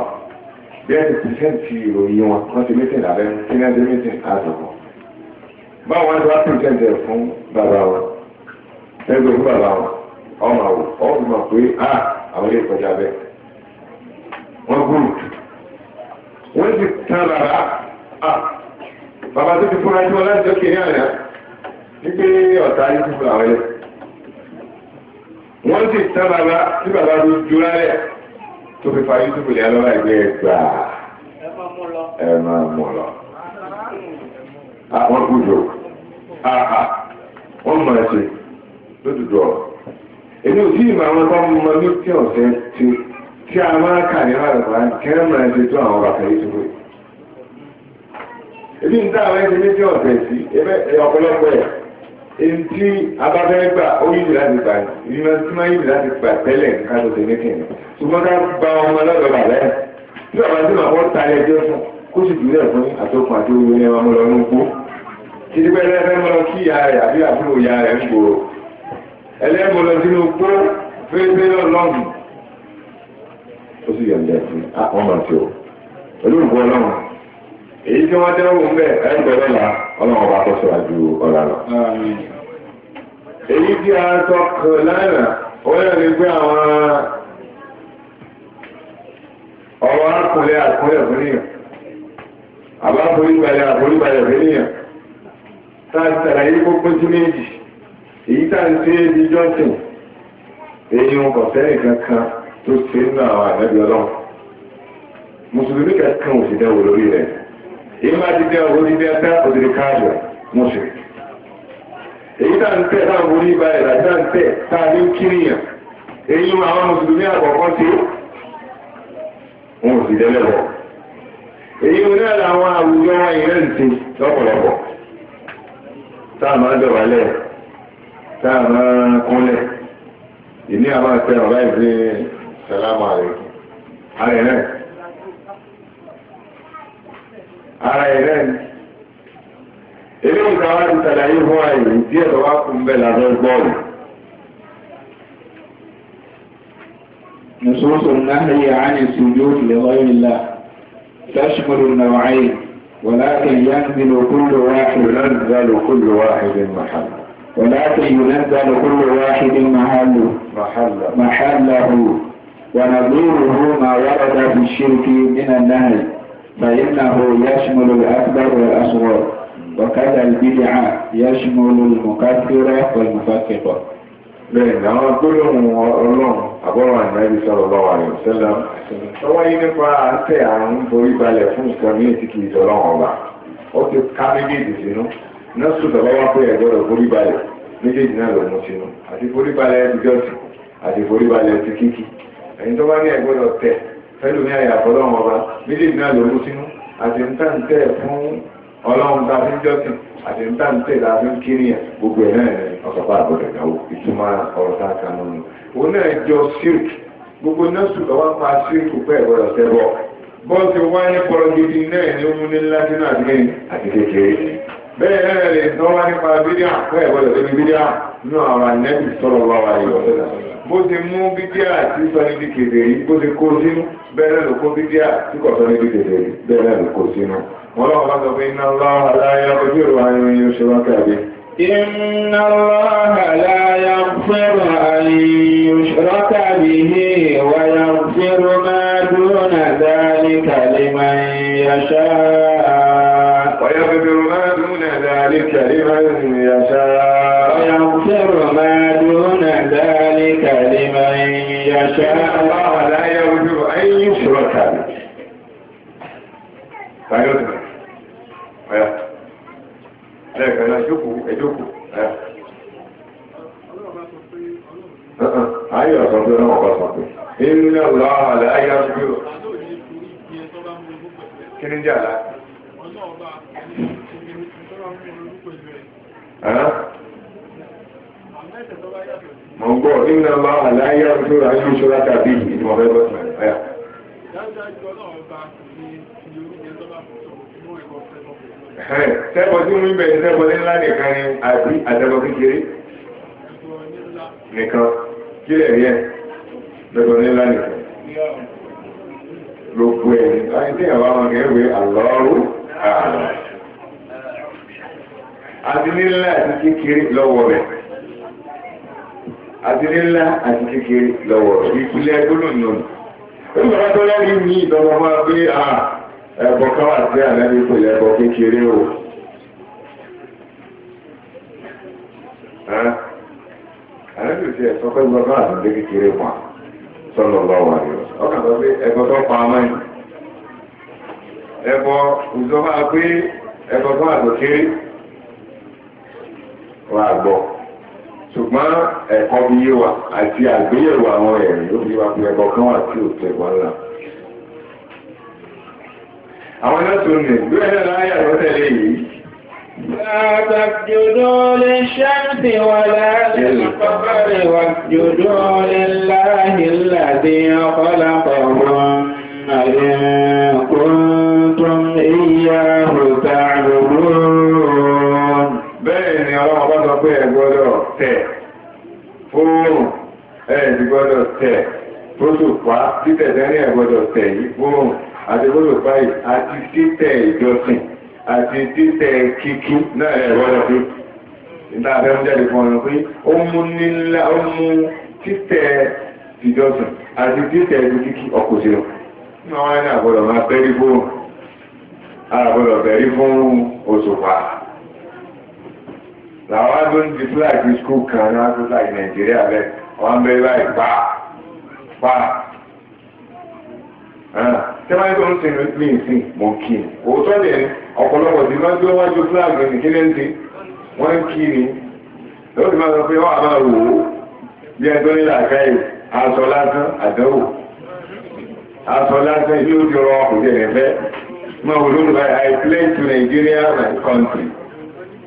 bẹ́ẹ̀ ti sẹ́ǹtì ìròyìn wọn wọ́n ti mítìn ààrẹ kí ní ẹjẹ́ mítìn àtọ̀kọ̀ báwọn wọn ti wá pèsèǹtì ẹ̀ fún bàbá wọn ẹgbẹ́ fún bàbá wọn ọmọ àwò ọmọ mọ̀ pé a àwọn ilé ìkọjá bẹ́ẹ̀ wọ́n gùn wọ́n ti tán lára a bàbá tó ti fúnra tí wọ́n láti ọkẹ́ ní àná wípé ọ̀tá yìí ti fún àwọn ilé wọ́n ti tán lára tí bàbá tó jura rẹ̀ tó fi fa yusuf lé lọ́wọ́ ẹgbẹ́ ẹgbà ẹ máa mú lọ. àwọn gbùdọ̀ wọ́n mọ̀ ẹ́ ṣe lódùdú ọ̀rọ̀. èmi ò tí ì mọ àwọn bámu mọ ní tí ọ̀sẹ̀ ti tí a máa kà ní àlùfáà kẹ́rẹ́ mọ̀ ẹ́ ṣe tó àwọn bàtà yusuf yìí. èmi ń dá àwọn ẹni méjì ọ̀sẹ̀ sí ọ̀pọ̀lọpọ̀ ẹ̀ èntì abáfẹ́ gbà ó yìí láti gbà yìí láti gbà tẹ́lẹ̀ ká ló ṣe ní kẹ́yìn ṣùgbọ́n ká gba ọmọ lọ́dọ̀ bàbá ẹ̀ tí bàbá tí màá wọ́n talẹ̀ ẹjọ́ fún kó sì dúró ẹ̀ fún àtọkùn àti omi ẹ̀ máa mọ lọ nùkú títí pé ẹlẹ́fẹ́ mọ́ lọ kí ìyá rẹ̀ àbí àbúrò ìyá rẹ̀ ń gbòòrò ẹlẹ́mọ̀ lọ sínú gbó fẹ́ẹ́fẹ́ lọ́ọ̀lọ́ọ̀mù ó sì yọ̀ǹda ah, ẹ̀sìn àwọn máa ti o olóògbé ọlọ́run èyí tí wọ́n dẹ́wọ̀ ń bẹ̀ ẹgbẹ́ lọ́la ọlọ́run ọba tó sọ̀rọ̀ ju ọ̀la lọ. èyí tí a sọ kàn lánàá ó ọwọ́ akùnlé àkúnlẹ̀ fúnìyàn àbáforíbalẹ̀ àforíbalẹ̀ ya kọ̀ sẹ́yìn kankan tó ṣe ń nà àwọn ànábì ọlọ́run mùsùlùmí kankan ò sì lórí rẹ̀ èyí ti bí òdìrí mùsùlùmí èyí tàà ń tẹ̀ ń borí wọ́n ò sì dẹ́lẹ̀ bọ̀. èyí wọn náà làwọn àwùjọ wa yìí náà ti lọ́pọ̀lọpọ̀ tá a máa dọ̀wálẹ̀ tá a máa kúnlẹ̀ ìní àwọn àti ọ̀rá ìgbé sàlámù àlẹ́ ara ẹ̀ ara ẹ̀ eléyìí káwá ti sàlàyé fún àyè díẹ̀ lọ́wọ́ kún bẹ́ẹ̀ lásán نصوص النهي عن السجود لغير الله تشمل النوعين ولكن ينزل كل واحد ينزل كل واحد محله ولكن ينزل كل واحد محله محله ونظيره ما ورد في الشرك من النهي فإنه يشمل الأكبر والأصغر وكذا البدعة يشمل المكفرة والمفكرة lẹ́yìn àwọn gbólóhùn ọlọ́run àbọ̀rọ̀ àìmáyé sọ̀rọ̀ bá wà lẹ́yìn sẹ́lá tó wáyé nípa àǹtẹ̀ àrùn borí balẹ̀ fún nǹkan ní ètí kìí sọ̀rọ̀ ọ̀bà ó ti ká méjèèjì sínú nọ́ọ̀sù tó lọ́wọ́ pé ẹ̀gbọ́dọ̀ borí balẹ̀ méjèèjì náà lòun sínú àti borí balẹ̀ ti jọ́sìn àti borí balẹ̀ ti kíkì ẹ̀yin tó bá ní ẹ̀gbọ́dọ̀ tẹ̀ fẹ́lùmí àyàfọ́ lọ́wọ́ ọba méjèèjì náà lòun sínú àti ń tàǹtẹ̀ fún ọlọ́run tá a fi ń jọ́sìn àti ń tàǹtẹ̀ tá a fi ń kiri yẹn gbogbo ẹ̀ náà ọ̀sọ̀pá àbọ̀dọ̀ ìdáwó ìtumọ̀ ọ̀rọ̀ tá a kà nínú. òun náà jọ sírk gbogbo nọ́ọ̀sù tó wá pa sírk pẹ́ ìbọ̀dọ̀ sẹ́bọ̀ bọ́ọ̀sì wáyé pọ̀rọ̀ gidi náà ní ó mú ní láti náà àti kéyìn àti kékeré. bẹ́ẹ̀ náà lè tán wá nípa bídíà pẹ́ ìbọ̀dọ̀ débi bídíà nínú àwọn anẹ́bí sọ̀rọ̀ wá wà yọ̀ bó ti mú bídíà tí sọ níbi kékeré bó ti kó sínú bẹ́ẹ̀ náà ló kó bídíà tí kò sọ níbi kékeré bẹ́ẹ̀ náà ló kó sínú. ọlọ́run bá sọ pé iná lọ́wọ́ aláyà ojúrò àyùn yóò ṣe wákà bí. iná lọ́wọ́ aláyà fẹ́rọ àyùn ṣọ́kà bí ní ìwáyà fẹ́rọ máa dúnà dáálí kàlímà yàṣá. wáyà fẹ́rọ máa dúnà dáálí kàlímà yàṣá. wáyà fẹ́rọ máa dúnà dáálí kàlímà yàṣá. iná lọ́wọ́ aláyà ojúrò àyùn ṣọ́kà bí. Thank you. lẹ́ẹ̀kan náà jókòó ẹjókòó ẹ. Uh-uh. ayé ọ̀sán tó náà ọ̀pá sọ pé inú ọ̀la àlẹ́ ayé arúgbó. kí ni jẹ́ àlá? mo ń gbọ́ inú ọ̀la àlẹ́ ayé arúgbó ayé ìṣọ́ra tàbí ìdìbò ọ̀fẹ́ bọ́sùn ẹ̀ sẹ́kọ̀ tí wọ́n bẹ̀rẹ̀ sẹ́kọ̀ ní ńlá nìkan ni àbí àtẹ̀kọ̀ kékeré nìkan kí lè rí ẹ̀ lọ́kọ̀ ní ńlá nìkan gbogbo ẹ̀ láti tí àwọn ọmọ kẹ́wé àlọ́rù àlọ́ àti nílá àti kékeré lọ́wọ́ rẹ̀ àti nílá àti kékeré lọ́wọ́ rẹ̀ ìpìlẹ̀ gbólóhùn lónìí. ó sì bàbá tó lẹ́rìí ní ìdánwò máa gbé àà ẹ̀bọ̀ kan wà sí ànábì kò lẹ́bọ̀ kékeré o. ànábì ti ẹ̀sọ́ pé gbọ́dọ̀ kan àtúndé kékeré pa sọ́nà ọba wà ní ọ̀sán. ọkàn sọ pé ẹ̀bọ̀ tó pa ọmọ yìí. ẹ̀bọ̀ ìjọba pé ẹ̀bọ̀ kan àtúndé kéré wà gbọ́ ṣùgbọ́n ẹ̀kọ́ bí yé wa àti àgbéyẹ̀wò àwọn ẹ̀rí ó fi wá pé ẹ̀bọ̀ kan wà tí ò láà àwọn náà tó nì bẹ́ẹ̀ náà láyà ló tẹ̀lé yìí. Àtàkùdó lè ṣáàtì wà láàrin ìpàpàrẹ̀ wà jùdó lè láàrin láti ọ̀pọ̀lọpọ̀ wọn àrẹ kúntùn ìyá òta àgbòrò. Bẹ́ẹ̀ ni ọlọ́mọ bá sọ pé ẹ gbọ́dọ̀ tẹ̀ fóòrùn ẹ ti gbọ́dọ̀ tẹ̀ tó sùpá títẹ̀ tẹ́ ẹ gbọ́dọ̀ tẹ̀ yí fóòrùn àti gbọ́dọ̀ báyìí àti títẹ̀ ìjọsìn àti títẹ̀ kíkí náà ẹ̀ gbọ́dọ̀ pé nígbà abẹ́ ń jáde fún ọ̀nà pé ó mú nílá ó mú títẹ̀ ìjọsìn àti títẹ̀ ìlú kíkí ọkọ̀ sí ọ. nínú àwọn ẹni àgbọ̀dọ̀ máa bẹ́rí fún àgbọ̀dọ̀ bẹ̀rí fún òṣùpá. làwọn á dún di fúláàgì skul kan ní wọn fúláàgì nàìjíríà bẹ́ẹ̀ wọn bẹ́ẹ̀ báyìí pa pa tẹ́wájú ń sin ní ìsìn mọ̀ kí ni òótọ́ dẹ̀ ni ọ̀pọ̀lọpọ̀ tí wọ́n gbé wájú fúláàgì ní kílẹ̀ ń ti wọ́n ń kí ni lọ́wọ́ ti máa sọ pé wọ́n á máa wò ó bí ẹjọ́ nílà káyè aṣọ lásán àdánwò aṣọ lásán ìlú ti rọ ọkùnrin rẹ̀ fẹ́ máa wò lóru báyìí I play to Nigeria my country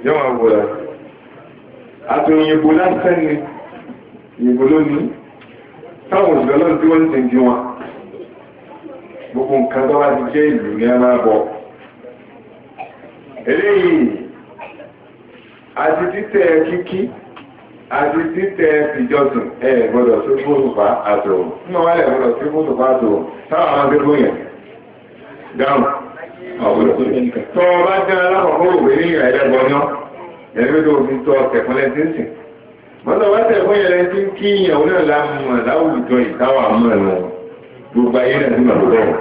yọ máa wò lọ. àtúnyìn ìbò lásán ni ìbò lónìí táwọn òṣìṣẹ́ ọlọ́run tí wọ́n ń sìn jí wọn gbogbo nǹkan tó bá ti jẹ́ ìlú ní ẹ máa bọ̀. eléyìí àti títẹ̀ kíkí àti títẹ̀ ìjọsìn ẹ gbọ́dọ̀ sí fóònùfà àtòrò nínú wáyé gbọ́dọ̀ sí fóònùfà àtòrò táwọn àwọn akẹ́kọ̀ọ́ yẹn dáhùn tó o bá jẹ́ alákọ̀ọ́kọ́ òwe ní ìrìn àìlẹ́gbọ́n náà ẹ̀rí tó fi tọ́ tẹ̀kúnlẹ̀ tí ń sìn. wọ́n tọ́ bá tẹ̀kún yẹn lẹ́sìn kí ìyàwó náà láwùjọ ìtawà mọ̀ ẹ̀nu wọn. gbogbo ayé náà ti mọ̀ tó bẹ́ẹ̀.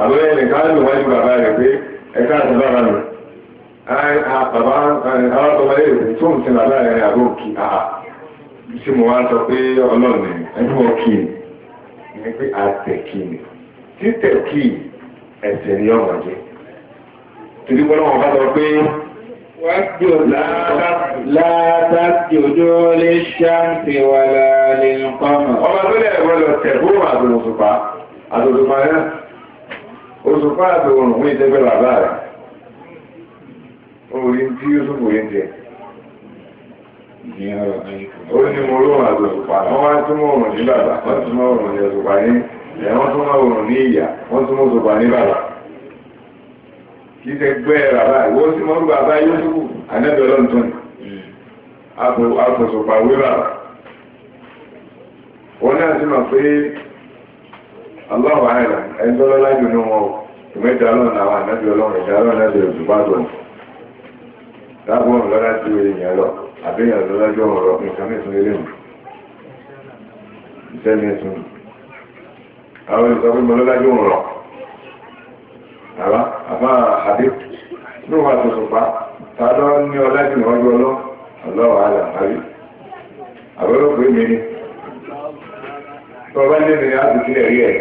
àbúrò ẹ̀rìn ká ló wájú bàbá rẹ̀ pé ẹ̀ka àti bàbá mi. bàbá arábọ̀bálẹ̀ rẹ̀ tó ń sin bàbá rẹ̀ àbó kì a ṣé mo wá sọ pé ọlọ́run ẹni wọ́n ni ni. ni látàkì ojú lè ṣáǹtì wà láàrin nǹkan. ọmọ tó lè gbọ́dọ̀ tẹ̀ fún àdùn òṣùpá àdùn òṣùpá náà òṣùpá àdùn òrùn fún ìtẹ́gbẹ́ bàbá rẹ̀ orí tí yóò kò yẹn jẹ. ó ní mo ló wà lọ pa wọ́n ní bàbá wọ́n tún mọ̀ òrùn ní òṣùpá kìí ṣe gbẹ́ bàbá ìwọ sí mọ́rú bàbá yóò tó kù ànábì àfọ̀sọ̀pà wé bàbá náà sì pé aláwọ̀ ẹni tó lọ́lá jù ní wọn o ìmẹ́ta ọlọ́run àwọn ànábì ọlọ́run ìdá ọlọ́run náà bẹ̀rẹ̀ tó ní dábọ̀ ọ̀run lọ́lá ju èèyàn lọ àbẹ́yàn lọ́lá ju ọ̀run nǹkan mẹ́sàn-án àbá àbá àdé ló wà tuntun pa ta lọ ní ọlájú ìwájú ọlọ ọlọ́wọ́ àlà àbí àbẹ̀wò pé mi ni bọ́bá ní ìrìn àtò rí ẹ̀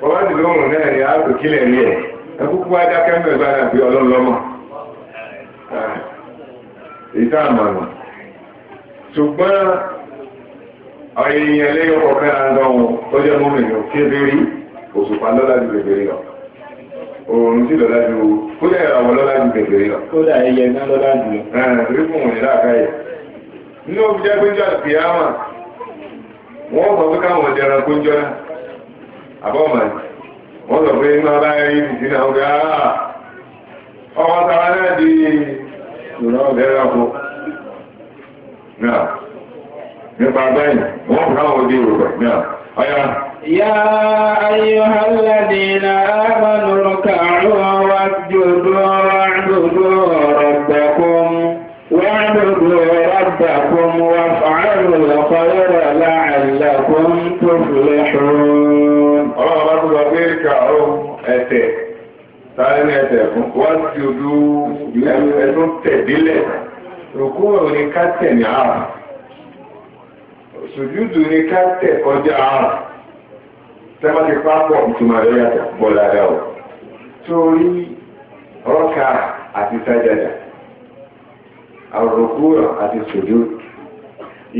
bọ́bá ti lóhùn ní àtò kílẹ̀ rí ẹ̀ ẹkúkú mẹ́gbà náà bí ṣùgbọ́n kọ̀ọ̀kan àgbọ̀n kébèrè òṣùpá lọ́lá bèbèrè lọ. òun sì lọ́lá ju kódà ìràwọ̀ lọ́lá ju kékeré lọ. kódà ẹyẹ náà lọ́lá jù lọ. ẹ̀ẹ́n fún òun ní láàkáyè. nínú ọ jẹ́ péjọ àtìyámà wọ́n sọ pé káwọn ọ̀dẹ̀ ẹran péjọ náà àbọ̀mọ̀ wọ́n sọ pé iná bá rí ìdí náà gbé ara ah, ọmọ náà di ìrọ̀ ẹran kù. nípa báyìí wọ́n káwọn ọdẹ Yorùbá يا أيها الذين آمنوا اركعوا واسجدوا واعبدوا ربكم واعبدوا ربكم وافعلوا الخير لعلكم تفلحون ọlọ́run bá dúró pé kàró ẹ̀tẹ̀ sáré ní ẹ̀tẹ̀ fún wáṣíọdú ẹ̀tún tẹ̀dílẹ̀ rògbò ní ká tẹ́mọ́tì pápọ̀ ìtumọ̀ rẹ̀ yàtọ̀ pọ̀ lára o torí ọkà àti sájàdà àrùkúrọ̀ àti sòdó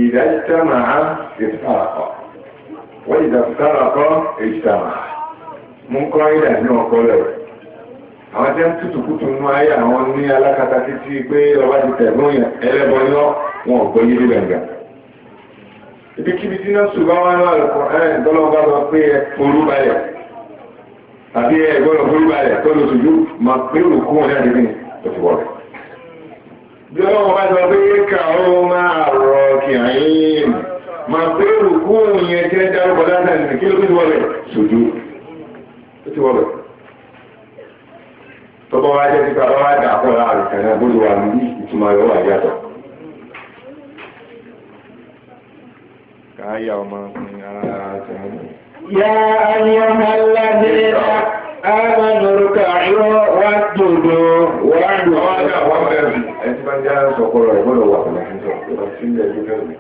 ìdájítàmà ìtàkọ̀ wọ́n ìdàkùtàkọ̀ ìtàmà mú kọ́ ìdà ní ọkọ̀ lẹ̀ àwọn tẹ́ ń tutù kùtù nú ayé àwọn ní alákatá títí pé ọba ti yọ wọn ò yé ibikíbi tí náà ṣùgbọ́n wọn náà lọ kọ́ ẹ̀ tọ́lọ́ bá lọ pé ẹ forú balẹ̀ àbí ẹ gbọ́dọ̀ forú balẹ̀ tó lọ sùjú máa pé òkú wọn jáde ní òṣùwọ̀ rẹ̀. bí ọlọ́run bá sọ pé ká ó máa rọ kìrìn máa pé òkú yẹn jẹ́ dárúkọ dáadáa nìyẹn kí ló fi wọlé sùjú ó ti wọlé. tọ́gbọ́n wá jẹ́ pípa wá dà pọ̀ láàrin kan náà bó àyà ọmọ ara tẹ̀wọ́n. Yá ayọ̀ aládé amánurúkà yọ wá dòdò wá dòdò. Wọ́n yà wọ́n bẹ̀rẹ̀. Ẹ ti bá jẹ́ sọ̀kọ̀rọ̀ ìgbọ́dọ̀ wà pẹ̀lú àìsàn ìgbà tí ilẹ̀ ìlú bẹ̀rẹ̀.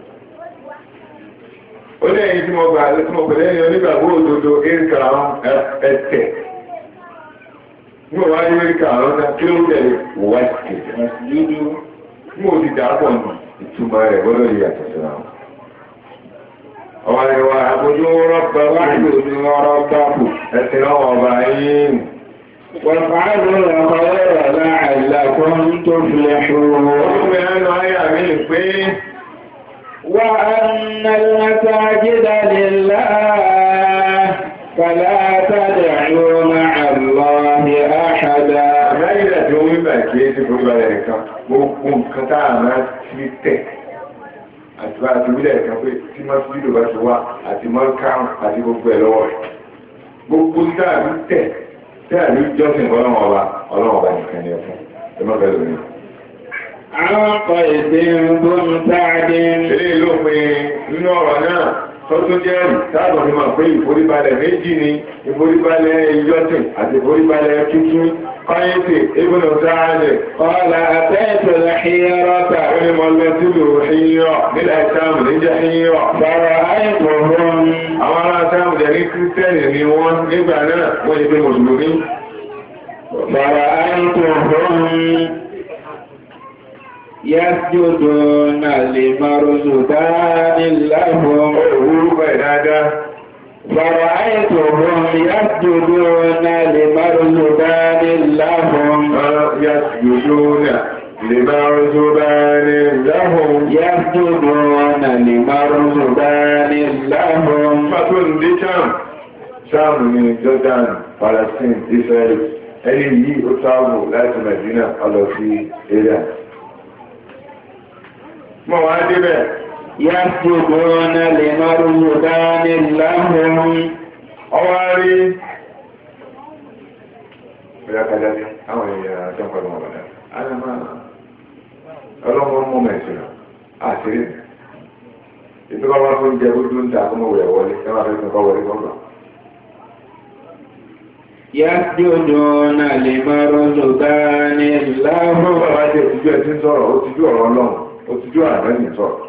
Ó ní ẹ̀yin tí mo gbà tí mo pẹ̀lẹ́ ẹ̀yin onígbàgbọ́ òdodo eréka ẹ̀tẹ̀. Mo wá ní eréka àwọn náà kí ló tẹ̀lé wá ti tẹ̀lé. Mo ti dàpọ̀ nù ìtumọ̀ rẹ̀ gbọ́dọ̀ yìí àtẹ̀sẹ̀ náà ọ̀wàlẹ̀wà àbójú rọ́bà wáyòjú rọ́bàkù ẹ̀sìn ọ̀wọ̀bà yìí wọ́n fàájú ọ̀rọ̀ láàrínlákún tó filẹ̀ ṣòro وأن المساجد لله فلا تدعوا مع الله أحدا Láyé ìrẹ̀jọ́ wípẹ̀ kí é ti gbogbo ẹ̀ẹ̀kan, ó kún kátà máa ti tẹ̀ àtúwá àti wílẹ̀ kan pé tí mọ́sídìdò bá ti wá àti mọ́kàrún àti gbogbo ẹ̀ lọ́wọ́ rẹ̀ gbogbo táàlú tẹ̀ táàlú jọ́sìn ọlọ́run ọba ọlọ́run ọba nìkan ni ẹ̀fọ́ ẹ má bẹ̀rẹ̀ lónìí. àwọn ọkọ̀ èdè ń gbóhùn táàdé. eléyìí ló pe nínú ọ̀rọ̀ náà tọ́tún jẹ́ táàbù ni mà pé ìforíbalẹ̀ méjì ni ìforíbalẹ̀ ìjọ́sìn àti ìforíbalẹ̀ kíkún قيس ابن سعد قال أتيت الحيرة علم المسجد من بالأجسام الجحيرة فرأيتهم أما سام جريك كريستيان نيوان نبعنا المسلمين فرأيتهم يسجدون لمرزدان لهم أوه بنادى فرأيتهم آه، يسجدون لمرزبان لهم يسجدون لمرزبان لهم يسجدون لمرزبان لهم فكن بشام شام من جدان فلسطين إسرائيل ẹni yìí ó sáàbù láti Mẹ̀dínà ọlọ́sí eré. Mọ̀ wá يسجدون لمريدان لهم ọwárí ìyàkàjá ní àwọn èèyàn tó ń pẹ̀lú ọmọ rẹ̀ ọlọ́mọ mú mẹ́sìn àti ìtọ́kọ́ wọn fún jẹ ojú ń ta àkọ́mọ̀ wẹ̀ wọlé ẹ máa fi ìtọ́kọ́ wọlé kọ́kọ́. يسجدون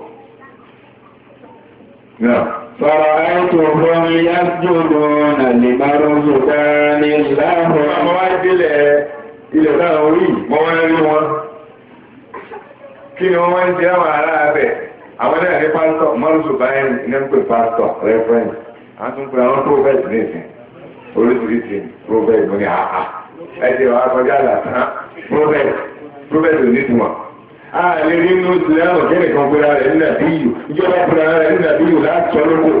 فرأيتهم يسجدون لمرزقان الله àwọn ìdílẹ̀ ilẹ̀ táwọn orí mọ́ wọ́n rí wọn kí ni wọ́n ń jẹ́ àwọn ará abẹ̀ àwọn náà ní pásítọ̀ mọ́rùsùbáyìn ní ń pè pásítọ̀ rẹ́fẹ́ǹsì a tún pè àwọn prophet nìsín oríṣiríṣi prophet ní àhà ah, ah, ẹ̀jẹ̀ wà á kọjá làtàn prophet prophet ò ní tiwọn ààrẹ nínú ìsìláàmù kí nìkan pera rẹ̀ nígbà bí yù ìjọba pera rẹ̀ nígbà bí yù láti sọ lóko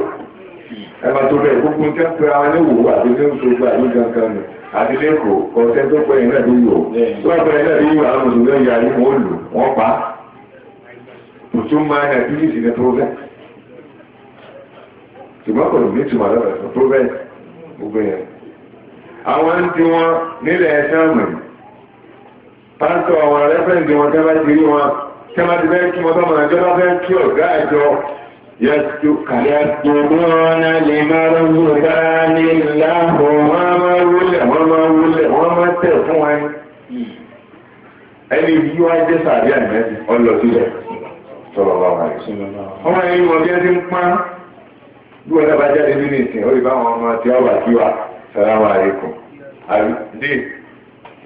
ẹ̀ma tó bẹ̀ gbogbo tí wọ́n pera wọn ní wò àti ní gbogbo àyè gangan nù àti lẹ́kọ̀ọ́ kọ̀ọ̀tẹ́ tó pẹ́ nígbà bí yù ó tó wà pẹ́ nígbà bí yù àwọn mùsùlùmí yà ní wọ́n lù wọ́n pa mùsùlùmí náà bí yìí sì ní provẹ́ pàtó àwọn rẹ́fẹ̀ǹdì wọn tẹ́lá ti rí wọn tẹ́lá ti bẹ́ẹ̀ kí wọ́n tọ́mọ̀ náà tẹ́lá bẹ́ẹ̀ kí ọ̀gá àjọ يسجدون لمرضان الله وما ولẹ̀ wọ́n máa wulẹ̀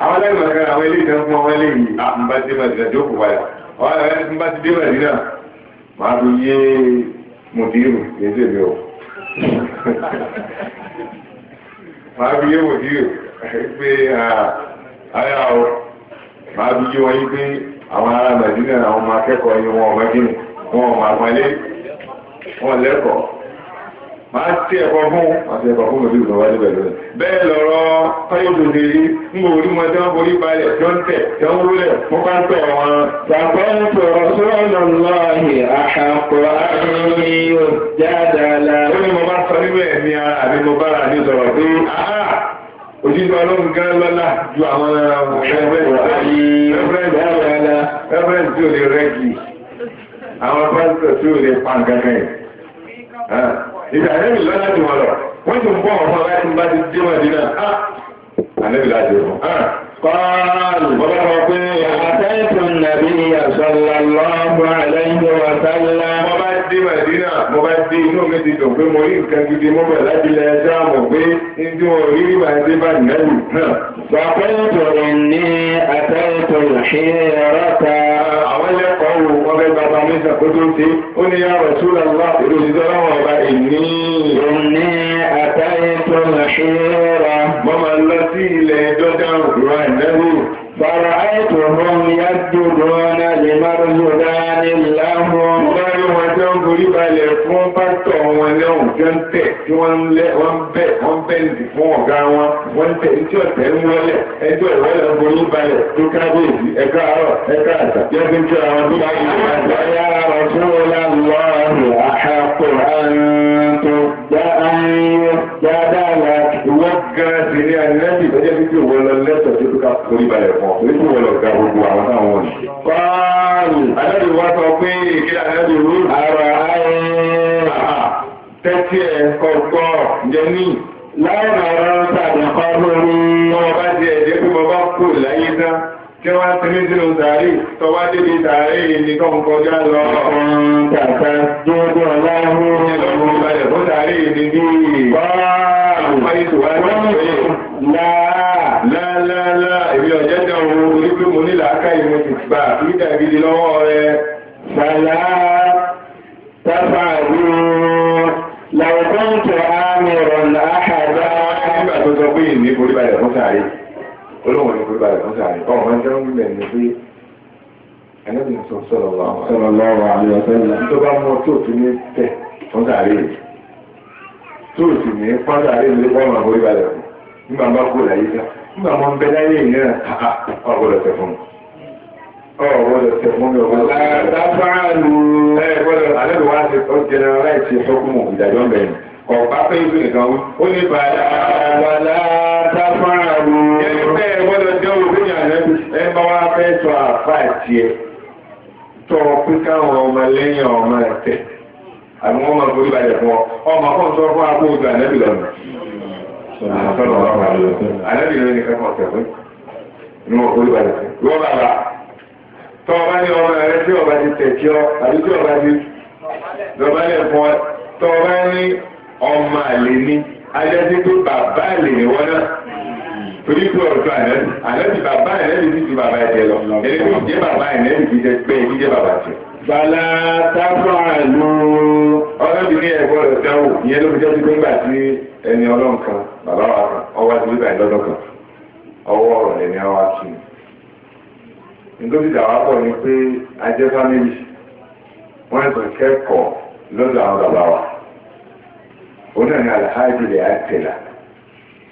àwọn aláìmọ̀ kan àwọn ilé ìtàn fún ọmọ ilé yìí àmbá dé màdínà jókòó wáyà wọ́n ẹ̀ ń bá ti dé màdínà máa fi yé mòdìrù kéde mi o máa fi yé mòdìrù pé ayá o máa fi yé wọn yí pé àwọn ará màdínà àwọn ọmọ akẹ́kọ̀ọ́ yìí wọn ọmọ kí wọn ọmọ àpọ̀lé wọn lẹ́kọ̀ọ́ máa tí ẹ̀kọ́ fún máa tí ẹ̀kọ́ fún mi lùdọ̀ wájú pẹ̀lú rẹ̀ bẹ́ẹ̀ lọ́rọ̀ táyọ̀dù lè rí ń bò rí wọn tí wọ́n borí balẹ̀ tí wọ́n tẹ̀ tí wọ́n wúlẹ̀ mú bá ń tọ̀ wọn. bàbá ń sọ̀rọ̀ sọ́ọ̀nà lọ́ọ̀hì àkàpọ̀ àríyànjú jáàdáàlà. ó ní mo bá sọ nínú ẹ̀mí àbí mo bára àbí sọ̀rọ̀ pé òjijì ọlọ́run gán lọ́la ju àwọn rẹ́fẹ́rẹ́ǹsì tí ìgbà àdébì lọ́nà ti wọ̀ lọ wọ́n ti ń bọ̀ ọ̀fọ̀ láti bá ti dé wọn dínà ah! á àdébì láti wọ̀ á. قال وبرقي أتيت النبي صلى الله عليه وسلم Màdínà mo bá dé inú mi ti dùn pé mo rí nǹkan gidi mo bẹ̀ láti lẹ ẹja mọ̀ pé ní tí wọ́n rí rí máa dé bá nìyẹn náà. Wàkọ́tò ìní àtẹ́tò ìṣẹ́rọ́ta. Àwọn ẹlẹ́kọ̀ọ́ wo wọ́n fẹ́ bàbá mi ṣàkóso ṣe ó ní yàrá ìṣúra lọ́wọ́ èrò òṣìṣẹ́ ọlọ́wọ́ ọba ìní. Ìní àtẹ́tò ìṣẹ́rọ́. Mọ́ máa lọ sí ilẹ̀ ìjọ́dá òkúra ìnáwó. فرأيتهم يسجدون لمرجلان لهم lọ́rí wọn tí wọ́n gorí balẹ̀ fún pásítọ̀ wọn lẹ́hùn tí wọ́n tẹ̀ tí wọ́n lẹ́ wọ́n bẹ̀ wọ́n bẹ́ǹdì fún ọ̀gá wọn wọ́n tẹ̀ tí ọ̀tẹ̀ ń wọlé ẹjọ́ ìwọlẹ̀ gorí balẹ̀ tó kábíyèsí ẹ̀ka àárọ̀ ẹ̀ka àṣà yẹ́n ti ń tẹ̀ àwọn tó bá yẹ kí wọ́n yára rọ̀ fún wọn lọ́wọ́ àhà dáadáa la ìwọ gan sí ní ànínábì tó jẹ́ fífi ìwọ lọ lẹ́tọ̀ọ́ tó ká forí balẹ̀ fún ọ torí ìwọ lọ ga gbogbo àwọn táwọn wọn ṣe. fáàlù àdábì wa sọ pé kí àdábì kí wọ́n ti ní sínú sàárì tọ́wá débi sàárì nìkan kọjá lọ. Kàkà dúdú aláwọ̀. Ìlọ́mú balẹ̀ fún sàárì ni bí. Láàlá èmi ọ̀jẹ́ jẹ́ òun onígbé mo ní làákà ìmọ̀ ti gbà kí dàbí di lọ́wọ́ rẹ̀. Sàlá tábà rí làwọn tó ń tọ́ àmì ọ̀rọ̀ làákàdá. Nígbà tó sọ pé ìní forí balẹ̀ olóhùn ní pípa ẹ̀kọ́ sáré ọmọ ẹjọ́ ń gbẹ̀ ní pé ẹlẹ́bìn sọ sọ̀rọ̀ wà sọ̀rọ̀ lọ́wọ́ àyọ̀sẹ́lẹ̀ tó bá mọ tó ti ní tẹ̀ fún sáré rẹ̀ tó sì ní fún sáré rẹ̀ lọ́wọ́ àwọn àbórí balẹ̀ fún nígbà máa kó láyé sá nígbà máa ń bẹ láyé ìyẹn náà ọ̀gbọ́dọ̀ tẹ̀ fún mi ọ̀gbọ́dọ̀ tẹ̀ fún mi ọ̀gbọ́dọ̀ tẹ̀ fún mi ọ̀gbọ́dọ̀ gbọ́dọ̀ jẹ́ olùgbéyàn ànábì ẹ bá wá fẹ́ sọ àfa àti ẹ tọ́ pé káwọn ọmọ lẹ́yìn ọmọ ẹ̀tẹ̀ àbí wọ́n máa forí balẹ̀ fún ọ ọmọ kan sọ fún akó ojú ànábì lọ́nà ànábì lọ́nà nìkan kan tẹ̀wé ni wọ́n forí balẹ̀ fún wọ́n bàbá tọ́ ọba ní ọmọ rẹ tí ọba ti tẹ̀ kí ọ àbí tí ọba ti lọ́ba lẹ̀ fún ọ tọ́ ọba ní ọmọ àlè ní ajá sí pé bàbá àlè ní wọ́n náà torí tó ọ̀tọ̀ àná àná ti bàbá àná ti ti bàbá ẹ̀jẹ̀ lọ ẹni tó jẹ́ bàbá àná ti ti jẹ́ pé ẹni jẹ́ bàbá jẹ. bala tábà ló. ọlọ́dún ní ẹ̀kọ́ rẹ̀ dáwò ìyẹn ló fi jẹ́ pípé gbà sí ẹni ọlọ́run kan bàbá wa kan ọwọ́ àti bíbá ìlọ́dọ̀ kan ọwọ́ ọ̀rọ̀ lẹ́ni àwọn akíni. nítorí dàwa pọ̀ ni pé ajẹ́ fámìlì wọ́n ẹ̀kọ́ kẹ́kọ̀ọ́ lọ́dọ̀ àwọn bàbá wa. onáà ni alhaji lè á tẹ̀lá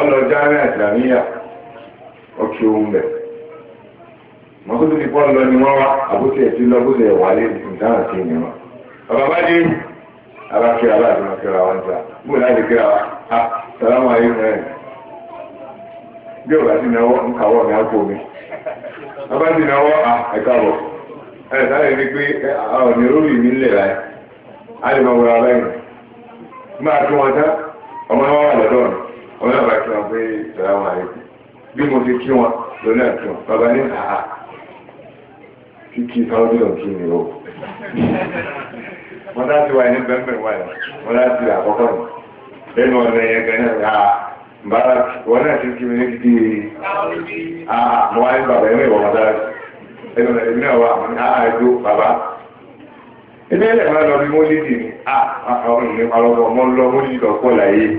ọlọ jamiu islamiyya ọkì ohun bẹ mọtòtò ti pọn lọ ni wọn wá àbúté lọ bó ìdáhùn sí ni wọn. bàbá bá dé alákìrà aláàbí wọn kíra wọn láti kíra wa a sàlámù ayé fún ẹ bí ọba ti náwó nkàwọ mi àpò mi bàbá ti náwó a ẹka ẹ sáré ní pé mi ń lè láyé a lè máa wọn náà bá kí wọn pé sàlámù àlékún bí mo ti kí wọn lónà kí wọn bàbá ní àhà kíkí sáwọ́dún lọ kí ni o wọn láti wà ní bẹ́ẹ̀mẹ̀ wà ní wọn láti àkọ́kọ́ ní lẹ́nu ọ̀nà yẹn gan náà àà mbàrà wọn náà ti kí mi ní kíkí àà mo wá ní bàbá yẹn wọ̀ mọ́tàlá ẹnu ọ̀nà yẹn náà wà àà ẹ̀dọ́ bàbá ẹgbẹ́ ẹ̀rẹ̀ máa lọ bí mo lé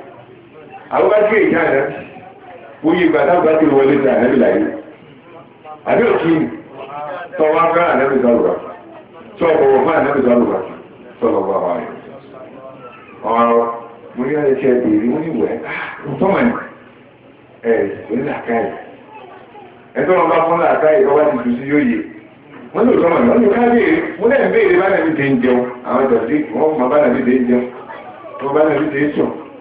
àwọn bá dúró ìjà náà wọ́n yí gbàdá bá dúró wọlé ta ànábì láyé àbí òkì tọ́ wá fẹ́ ànábì sọ̀rọ̀ tọ́ ọ̀bọ̀wọ̀ fún ànábì sọ̀rọ̀ sọ̀rọ̀ bá wà rẹ̀ ọ̀rọ̀ mo ní láti ṣe béèrè wọ́n ní wẹ̀ ah, tọ́mọ̀ ní ẹ̀ ní làákàyè ẹ̀ tọ́mọ̀ bá fún làákàyè ọba ti tù sí yóò yẹ wọ́n lò tọ́mọ̀ ní wọ́n ní ká béèrè mo náà béèrè bá nàbí tẹ̀ ń jẹun àwọn tọ̀sí wọ́n fún bá nàbí tẹ̀ ń jẹun wọ́n bá nàbí tẹ̀ ń sùn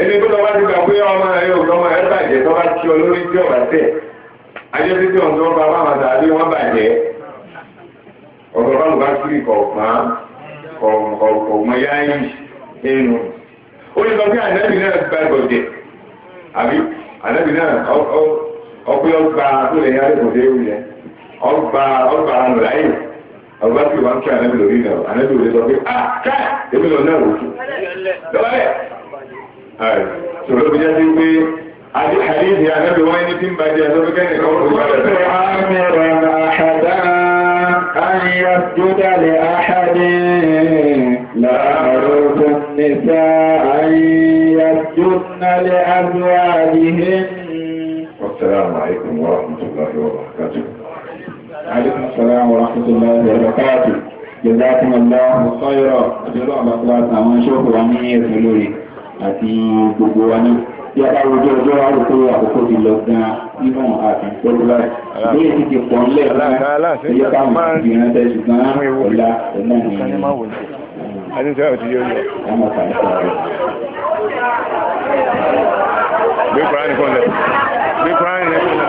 ẹni tó lọ bá ti gbà pé ọmọ ẹ ò lọmọ ẹ bàjẹ́ tó bá ti olórí tí ọba tẹ̀ ajé tí tí ọ̀dọ́ bá bá màtà bí wọ́n bàjẹ́ ọ̀dọ́ bá lùbá kiri kọ̀ọ̀kan kọ̀ọ̀mọ yá yìí ẹnu ó ní sọ pé ànábì náà gba gbọ̀dẹ̀ àbí ànábì náà ọpẹ́ ọgbà tó lè yára gbọ̀dẹ̀ ewu yẹn ọgbà ọgbà ànú láyé ọgbà tí wọ́n kí ànábì lórí náà ànábì lórí sọ pé ah káà èmi lọ náà wò ó lọ́wọ́ bẹ́ẹ̀. ṣòro tó fi jẹ́ sí pé àti àdéhìí ànábì wọ́n ní tí ń bàjẹ́ àtọ́fẹ́kẹ́ nìkan ó ti bá أن يسجد لأحد لأمرت النساء أن يسجدن لأزواجهن والسلام عليكم ورحمة الله وبركاته عليكم السلام ورحمة الله وبركاته جزاكم الله خيرا أجل الله أبقى أمان شوف وأمين يسمي àti gbogbo wa ní tí a bá rojọ́ ọjọ́ àwòkọ́ àkókò ti lọ gan-an nínú àfihàn pọ́lúláì bí èyí ti pọ̀ ńlẹ̀ náà ẹ̀yẹ káwọn ìgbìyànjú tẹ̀ ṣùgbọ́n ọ̀la ọ̀la ni ẹni tí wọ́n yóò yọ. gbé kúránì fún lẹ gbé kúránì lẹ fún lẹ.